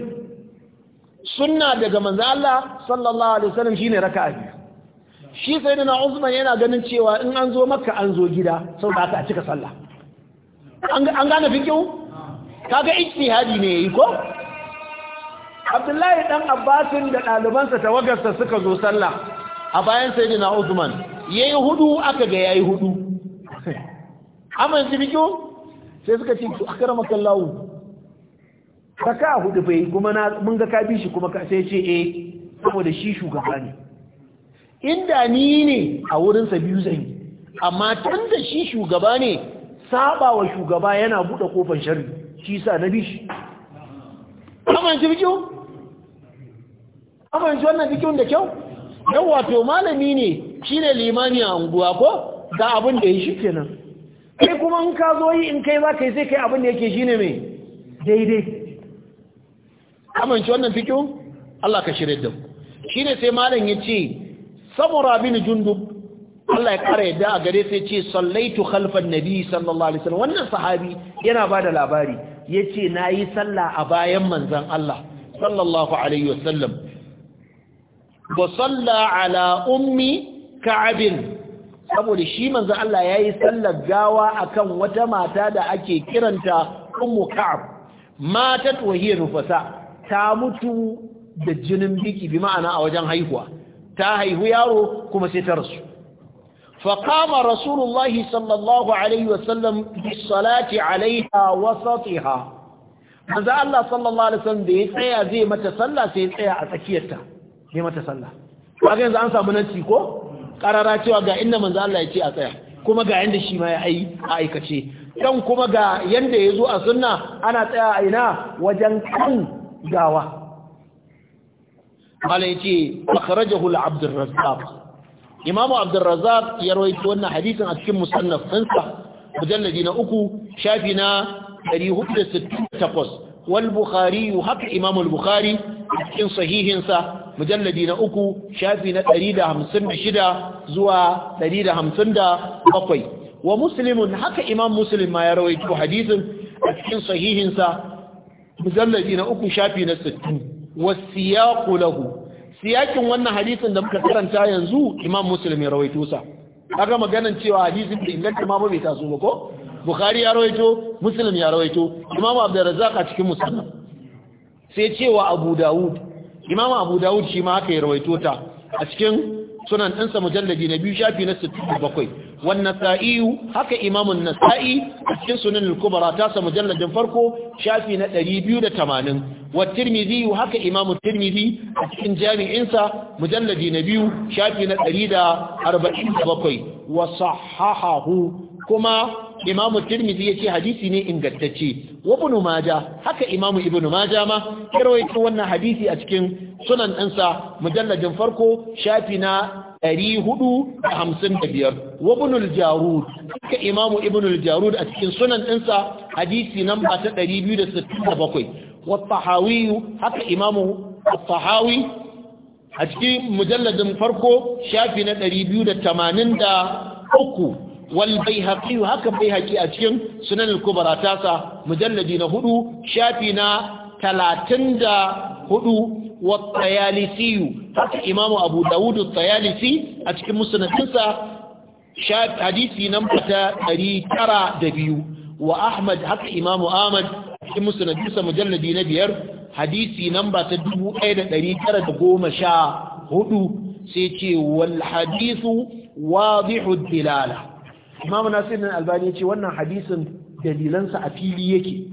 sunna daga manzo Allah sallallahu alaihi wasallam shine raka'a biyu shi sai da Usman yana ganin cewa in an zo maka an zo gida da aka a cika sallah an gane kyau kaga ijtihadi ne yayi ko Abdullahi ɗan Abbasin da ɗalibansa tawagarsa suka zo sallah a bayan sayyidina Usman yayi hudu aka ga yayi hudu amma yanzu fikihu sai suka ce akramakallahu kaka hudu bai kuma na mun ga ka bi shi kuma sai ce eh saboda shi shugaba ne inda ni ne a wurinsa biyu zan yi amma tun da shi shugaba ne saba wa shugaba yana bude kofar sharri shi sa na bi shi amince amma amince wannan bikin da kyau yau wato malami ne shi ne limani a unguwa ko ga abin da ya kenan kai kuma in ka zo yi in kai ba kai sai kai abin da yake shine ne mai daidai amince wannan fikihun Allah ka shirye da mu shine sai malam yace samura bin jundub Allah ya kara yadda a gare sai ce sallaitu khalfan nabi sallallahu alaihi wasallam wannan sahabi yana bada labari yace nayi sallah a bayan manzon Allah sallallahu alaihi wasallam wa salla ala ummi ka'ab saboda shi manzon Allah yayi sallar gawa akan wata mata da ake kiranta ummu ka'ab matat wa hiya ta mutu da jinin biki bi ma'ana a wajen haihuwa ta haihu yaro kuma sai ta rasu faƙama rasulullahi sallallahu alaihi wasallam bisalati alaiha wasatiha manzo Allah sallallahu alaihi wasallam da ya tsaya zai mata sallah sai tsaya a tsakiyarta zai mata sallah kaga yanzu an samu nanci ko karara cewa ga inda manzo Allah ya ce a tsaya kuma ga yanda shi ma ya ai a aikace dan kuma ga yanda yazo a sunna ana tsaya a ina wajen kan Dawa. mala yace akhrajahu al-abd ar-razzaq imamu abd ar-razzaq ya rawaito wannan hadisin a cikin musannaf ɗinsa mujalladi na uku shafi na 468 wal bukhari haka imam al-bukhari cikin sahihin sa mujalladi na uku shafi na 156 zuwa 157 wa muslimun haka imam muslim ma ya rawaito hadisin a cikin sahihin sa mujalladi na uku shafi na 60 wasiyaqu lahu siyakin wannan hadisin da muka karanta yanzu imam muslim ya rawaito sa kaga maganan cewa hadisin da inganta ma bai taso ba ko bukhari ya rawaito muslim ya rawaito imam razzaq a cikin musannaf sai cewa abu daud imam abu daud shi ma haka ya rawaito ta a cikin sunan ɗinsa mujalladi na biyu shafi na 67 wannan sa'iyu haka imamun nasa'i a cikin sunan al-kubra ta sa mujalladin farko shafi na 280 wa tirmidhi haka imamu tirmidhi a cikin jami'insa mujalladi na biyu shafi na 147 wa sahahahu kuma Imamu Tirmidhi yace hadisi ne ingantacce wa Ibn Majah haka imamu Ibn Majah ma ya rawaito wannan hadisi a cikin sunan ɗansa mujalladin farko shafi na 455 wa Ibn al-Jarud haka imamu Ibn al-Jarud a cikin sunan ɗansa hadisi namba ta 267 wa Tahawi haka Imam Tahawi a cikin mujalladin farko shafi na 283 wal bai baihaqi haka haƙi a cikin sunan al ta sa mujalladi na hudu shafi na talatin da hudu wa tayalisi haka imamu abu daud at a cikin musnadinsa hadisi nan fata ɗari tara da biyu wa ahmad haka imamu ahmad cikin musnadinsa mujalladi na biyar hadisi nan namba ta hudu sai ce wal hadisu wadihu dilala imam nasir albani ya ce wannan hadisin dalilansa a fili yake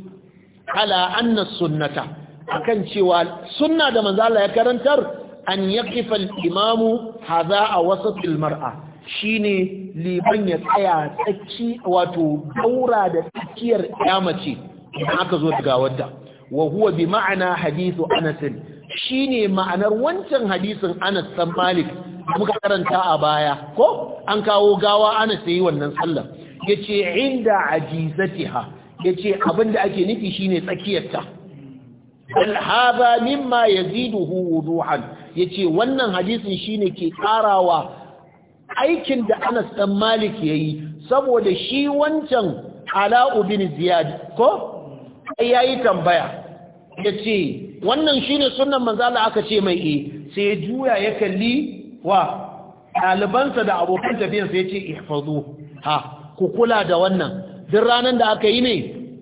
ala anna sunnata akan cewa sunna da manzo Allah ya karantar an yaqifa al-imamu hadha a wasatil mar'a shine liban ya tsaya tsaki wato daura da tsakiyar kyamace idan aka zo daga wadda wa huwa bi ma'ana hadithu Anas Shi ne ma'anar wancan hadisin Anas dan Malik da muka karanta a baya ko an kawo gawa Anas ya yi wannan sallar ce inda ajizatiha ce abinda ake nufi shi ne tsakiyarta bal hada mimma yaziduhu Ya ce wannan hadisin ne ke karawa aikin da Anas dan Malik ya yi saboda shi wancan alaubin ziyadi Ko ya yi tambaya Ya ce. wannan shine sunnan manzo Allah aka ce mai eh sai ya juya ya kalli wa ɗalibansa da abokan tafiyansa ya ce ihfazu ha ku kula da wannan duk ranar da aka yi ne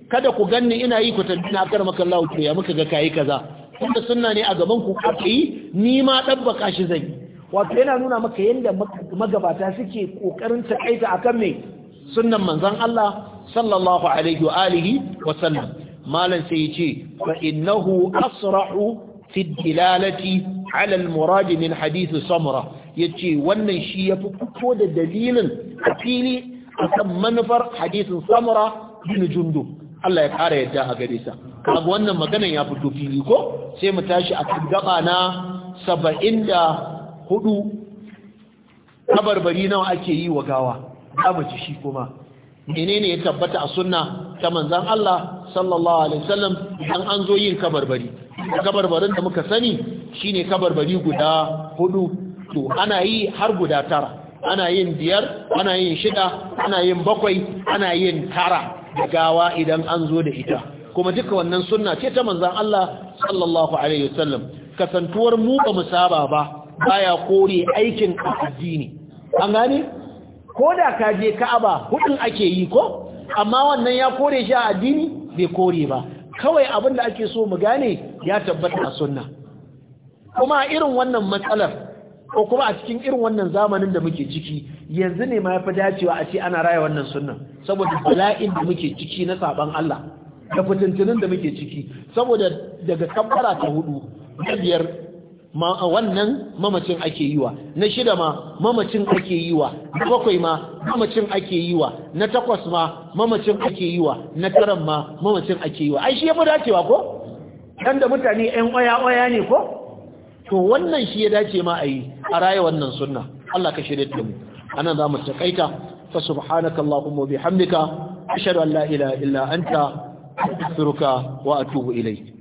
kada ku ganni ina yi ku tambi na akar maka Allah ya muka ga kayi kaza wanda sunna ne a gaban ku aka yi ni ma dabbaka shi zai wato yana nuna maka yanda magabata suke kokarin takaita akan me sunnan manzon Allah sallallahu alaihi wa alihi wa sallam malam sai ya ce fa innahu asra'u fi dilalati ala al-murad min hadith samra yace wannan shi yafi fito da dalilin a fili kan manufar hadisin samra bin jundu Allah ya kara yadda a gare sa kaga wannan maganan ya fito fili ko sai mu tashi a kan gaba na 74 kabarbari nawa ake yi wa gawa za mu ci shi kuma menene ya tabbata a sunna ta manzan Allah sallallahu alaihi wasallam idan an zo yin kabarbari kabarbarin da muka sani shine kabarbari guda hudu to ana yi har guda tara ana yin biyar ana yin shida ana yin bakwai ana yin tara da gawa idan an zo da ita kuma duka wannan sunna ce ta manzan Allah sallallahu alaihi wasallam kasantuwar mu ba mu saba ba baya kore aikin addini an gane ko da ka je ka'aba hudun ake yi ko amma wannan ya kore shi a addini bai kore ba kawai abin da ake so mu gane ya tabbata a sunna kuma irin wannan matsalar ko kuma a cikin irin wannan zamanin da muke ciki yanzu ne ma ya fi dacewa a ce ana raya wannan sunnan saboda bala'in da muke ciki na saban Allah da fitintunin da muke ciki saboda daga kamfara ta hudu na biyar wannan mamacin ake yiwa na shida ma mamacin ake yiwa na bakwai ma mamacin ake yiwa na takwas ma mamacin ake yiwa na taran ma mamacin ake yiwa ai shi ya fi dacewa ko dan da mutane yan oya oya ne ko to wannan shi ya dace ma a yi a raya wannan sunna Allah ka shirye da mu anan za mu takaita fa subhanaka allahumma wa bihamdika ashhadu an la ilaha illa anta astaghfiruka wa atubu ilayk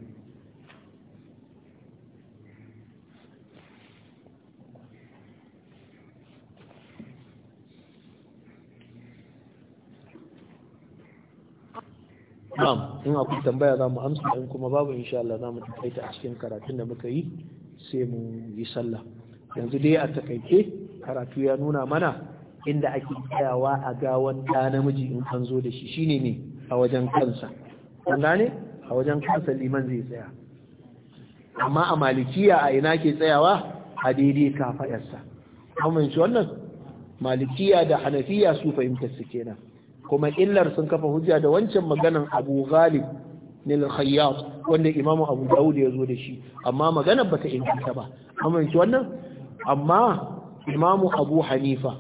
na'am in akwai tambaya za mu amsa in kuma babu insha Allah za mu taƙaita a cikin karatun da muka yi sai mu yi sallah yanzu dai a takaice karatu ya nuna mana inda ake tsayawa a gawan ɗa namiji in an zo da shi shine ne a wajen kansa kun gane a wajen kansa liman zai tsaya amma a malikiya a ina ke tsayawa a daidai kafaɗarsa amince wannan malikiya da hanafiya su fahimtar su kenan kuma illar sun kafa hujja da wancan maganan abu ghalib nil khayyat wanda imamu abu dawud ya zo da shi amma maganar bata inganta ba amince wannan amma abu hanifa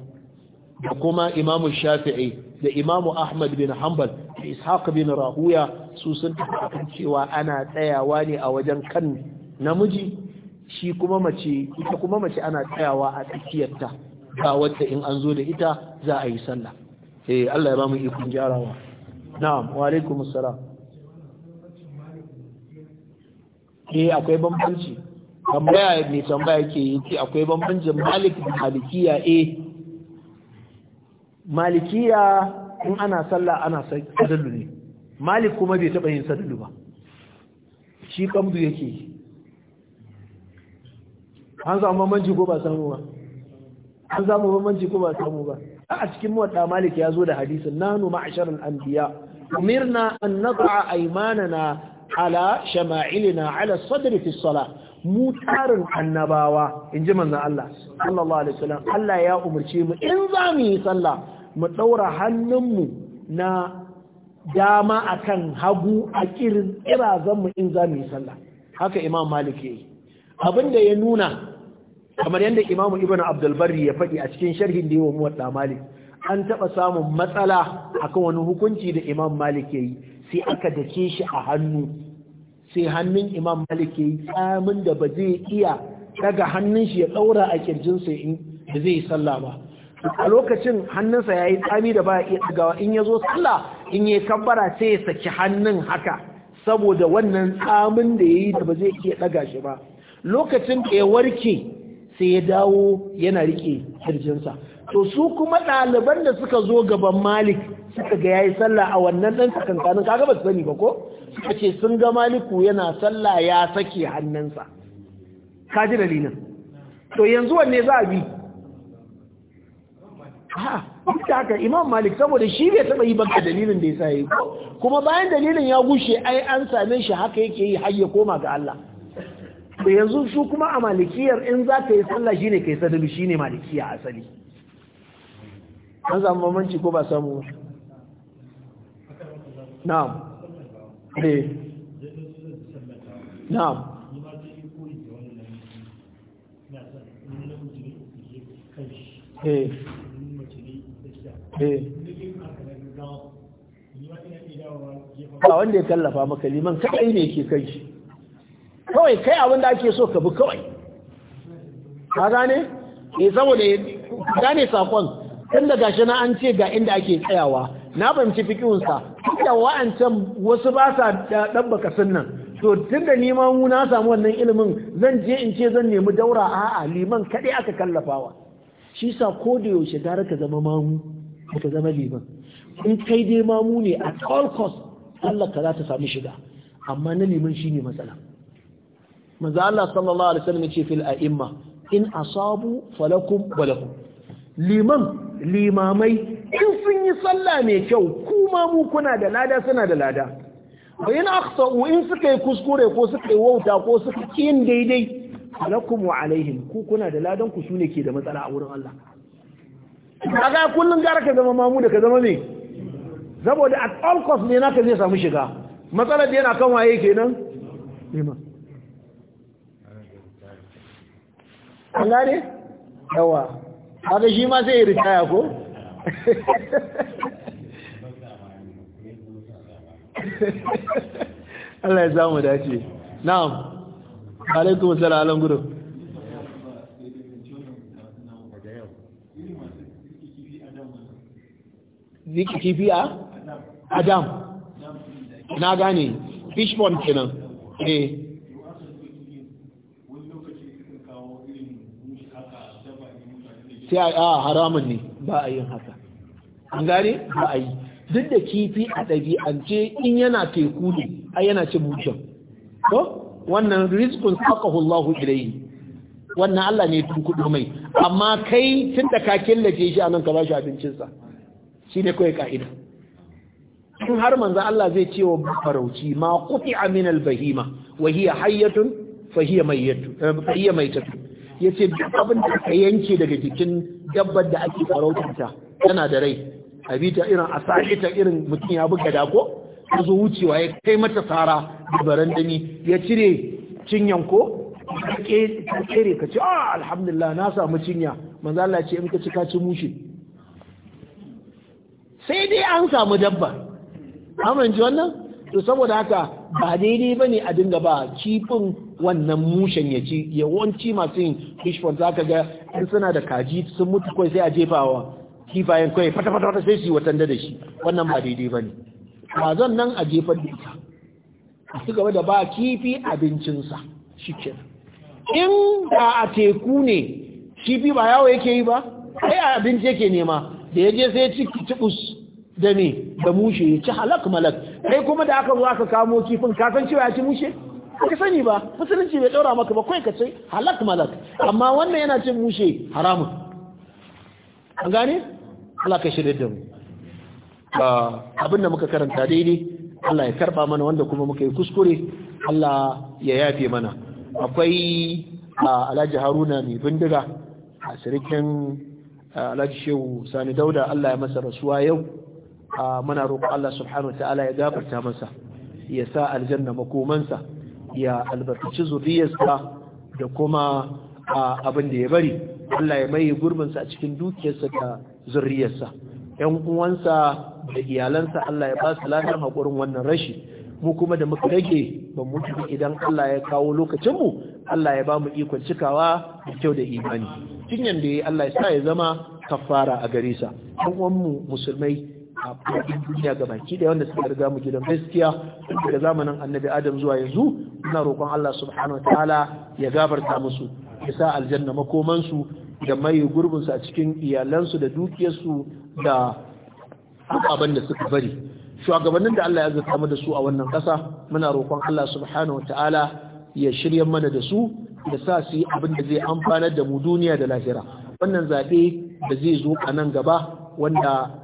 da kuma imam shafi'i da imam ahmad bin hanbal da ishaq bin rahuya su sun tafi cewa ana tsayawa ne a wajen kan namiji shi kuma mace ita kuma mace ana tsayawa a tsakiyarta ga wadda in an zo da ita za a yi sallah eh Allah ya ba mu ikon gyarawa na'am wa alaikum assalam eh akwai bambanci tambaya ne tambaya yake yi akwai bambancin malik da malikiya eh malikiya in ana sallah ana sallu ne malik kuma bai taba yin sadalu ba shi kamdu yake yi an samu bambanci ko ba samu ba an samu bambanci ko ba samu ba a cikin muwadda malik ya zo da hadisin nanu ma'ashar al'ambiya umirna an nada'a aimanana ala shama'ilina ala sadri fi sala mu tarin annabawa in ji manzan Allah sallallahu alaihi wasallam Allah ya umarci mu in za mu yi sallah mu daura hannunmu na dama akan hagu a kirin kirazan mu in za mu yi sallah haka imam malik yayi abinda ya nuna kamar yadda imamu ibn abdulbari ya faɗi a cikin sharhin da yi wa muwadda malik an taɓa samun matsala akan wani hukunci da imam malik ya yi sai aka dake shi a hannu sai hannun imam malik ya yi tsamin da ba zai iya daga hannun shi ya ɗaura a kirjinsa in da zai yi sallah ba a lokacin hannunsa ya yi tsami da ba iya ɗagawa in ya zo sallah in ya kabbara sai ya saki hannun haka saboda wannan tsamin da ya yi da ba zai iya ɗaga shi ba lokacin da ya warke sai ya dawo yana rike kirjinsa to su kuma ɗaliban da suka zo gaban malik suka ga yayi sallah a wannan ɗan kankanin kaga ba su sani ba ko suka ce sun ga maliku yana sallah ya sake hannunsa ka ji dalilin to yanzu wanne za a bi ha da haka imam malik saboda shi bai taɓa yi banka dalilin da ya sa ya yi kuma bayan dalilin ya gushe ai an same shi haka yake yi har ya koma ga Allah to yanzu su kuma a malikiyar in za ka yi sallah shine kai sadalu shine malikiya asali an samu mamanci ko ba samu na'am eh na'am eh eh ba wanda ya kallafa maka liman kaɗai ne ke kai shi kawai kai abin da ake so ka bi kawai ka gane ne eh, saboda gane sakon tun da gashi na an ce ga inda ake tsayawa na fahimci sa da wa'ancan wasu ba sa ɗabbaka nan to tun da nima na samu wannan ilimin zan je in ce zan nemi daura a'a liman kaɗai aka kallafawa shi sa ko da yaushe gara ka zama mamu ka zama liman in kai dai mamu ne a all cost Allah ka za ta samu shiga amma na liman ne matsala manzo Allah sallallahu alaihi wasallam yace fil a'imma in asabu falakum walakum liman limamai in sun yi sallah mai kyau kuma mu kuna da lada suna da lada bayan akhsa'u in suka yi kuskure ko suka yi wauta ko suka yin daidai falakum wa alaihim ku kuna da ladan ku sune ke da matsala a wurin Allah kaga kullun gara ka zama mamu da ka zama me saboda at all cost ne naka zai samu shiga matsalar da yana kan waye kenan liman an gane yawa haka shi ma sai ritaya ko Allah ya samu dace na'am alaikum salam alam gudu ziki kifi a adam na gane fishbone kenan eh sai a a ah, haramun ne ba a yin haka an gane ba a yi duk da kifi a ɗabi'ance in yana teku ne a yana cin mutum to wannan rizqun sakahullahu wannan Allah ne kudu mai amma kai tun da ka killace shi a nan ka ba shi abincinsa shi ne kawai ka'ida in har manza Allah zai ce wa farauci ma kufi aminal bahima wa hiya hayyatun fa mai tattu ya ce duk abin da aka yanke daga jikin dabbar da ake farautanta tana da rai a bi ta irin a ta irin mutum ya buga da ko ta zo wucewa ya kai mata tsara da barandami ya cire cinyan ko ka kere ka ce ah alhamdulillah na samu cinya manzo Allah ce in ka ci ka ci sai dai an samu dabba amince wannan to saboda haka ba daidai ba ne a dinga ba kifin wannan mushen ya ci yawanci masu yin fish pond za ka ga in suna da kaji sun mutu kawai sai a jefawa kifayen kawai fata-fata sai su yi watan da shi wannan ba daidai ba ne Ba zan nan a jefar da ita a su gaba da ba kifi abincinsa shi ke in ba a teku ne kifi ba yawo yake yi ba sai abinci yake nema da ya je sai ci kicikus da ne da mushe ya ci halak malak kai kuma da aka zo aka kamo kifin ka cewa ya ci mushe ka sani ba musulunci bai daura maka ba kai ka ce halak malak amma wannan yana cin mushe haramun an gane Allah ka shirye da mu abin da muka karanta daidai Allah ya karba mana wanda kuma muka yi kuskure Allah ya yafe mana akwai Alhaji Haruna mai bindiga a sirikin Alhaji Shehu Sani Dauda Allah ya masa rasuwa yau muna roƙon Allah subhanahu wa ta'ala ya gafarta masa ya sa aljanna makomansa ya albarkaci zuriyarsa da kuma abin da ya bari Allah ya mai gurbinsa a cikin dukiyarsa da zuriyarsa ‘yan uwansa da iyalansa Allah ya ba su lafiya haƙurin wannan rashi mu kuma da muka rage ba mu idan Allah ya kawo lokacinmu Allah ya ba mu ikon cikawa da kyau da imani cinyan da ya Allah ya sa ya zama kafara a gare sa ‘yan uwanmu musulmai a faɗin duniya ga baki da wanda suka riga mu gidan gaskiya daga zamanin annabi adam zuwa yanzu ina roƙon Allah subhanahu wataala ya gafarta musu ya sa aljanna makomansu da mai gurbinsu a cikin iyalansu da dukiyarsu da ababen da suka bari shugabannin da Allah ya zata mu da su a wannan ƙasa muna roƙon Allah subhanahu wataala ya shirya mana da su da sa su yi abin da zai amfanar da mu duniya da lahira wannan zaɓe da zai zo a nan gaba wanda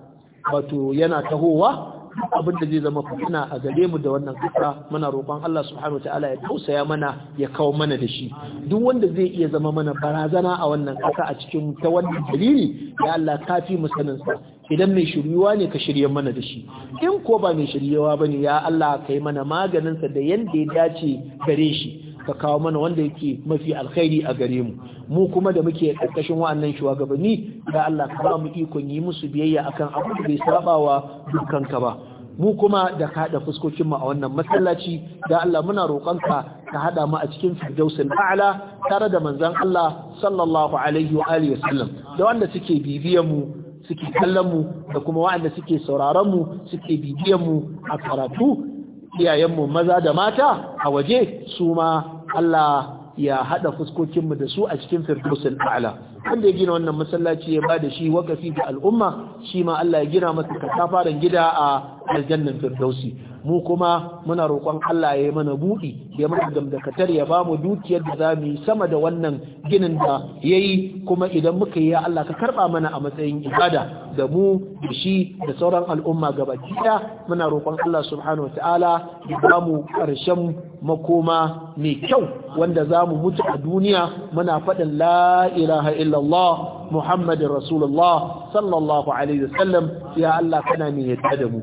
wato yana tahowa abin da zai zama fitina a gare mu da wannan kasa muna roƙon Allah subhanahu wataala ya tausaya mana ya kawo mana da shi duk wanda zai iya zama mana barazana a wannan kasa a cikin ta wannan dalili ya Allah fi mu saninsa. idan mai shiryuwa ne ka shirye mana da shi in ko ba mai shiryuwa bane ya Allah ka yi mana maganin sa da yanda ya dace gare shi ka kawo mana wanda yake mafi alkhairi a gare mu mu kuma da muke karkashin wa'annan shugabanni da Allah ka ba mu ikon yi musu biyayya akan abu da bai saba wa dukkan ka ba mu kuma da ka hada fuskokin mu a wannan masallaci da Allah muna roƙonka ka hada mu a cikin firdausul a'la tare da manzon Allah sallallahu alaihi wa alihi wasallam da wanda suke bibiyan mu suke kallon mu da kuma wanda suke sauraron mu suke bibiyan mu a karatu iyayenmu maza da mata a waje su ma Allah ya haɗa fuskokinmu da su a cikin firdausul a'la wanda ya gina wannan masallaci ya da shi wakafi ga al'umma shi ma Allah ya gina masa katafaren gida a aljannan firdausi mu kuma muna roƙon Allah ya yi mana buɗi ya mana gamdakatar ya bamu dukiyar da za mu yi sama da wannan ginin da ya yi kuma idan muka yi Allah ka karɓa mana a matsayin ibada da mu da shi da sauran al'umma gaba ɗaya muna roƙon Allah subhanahu wa ta'ala ya mu ƙarshen makoma mai kyau wanda za mu mutu a duniya muna faɗin la ilaha illallah muhammadin rasulullah sallallahu alaihi wasallam ya Allah kana mu yadda da mu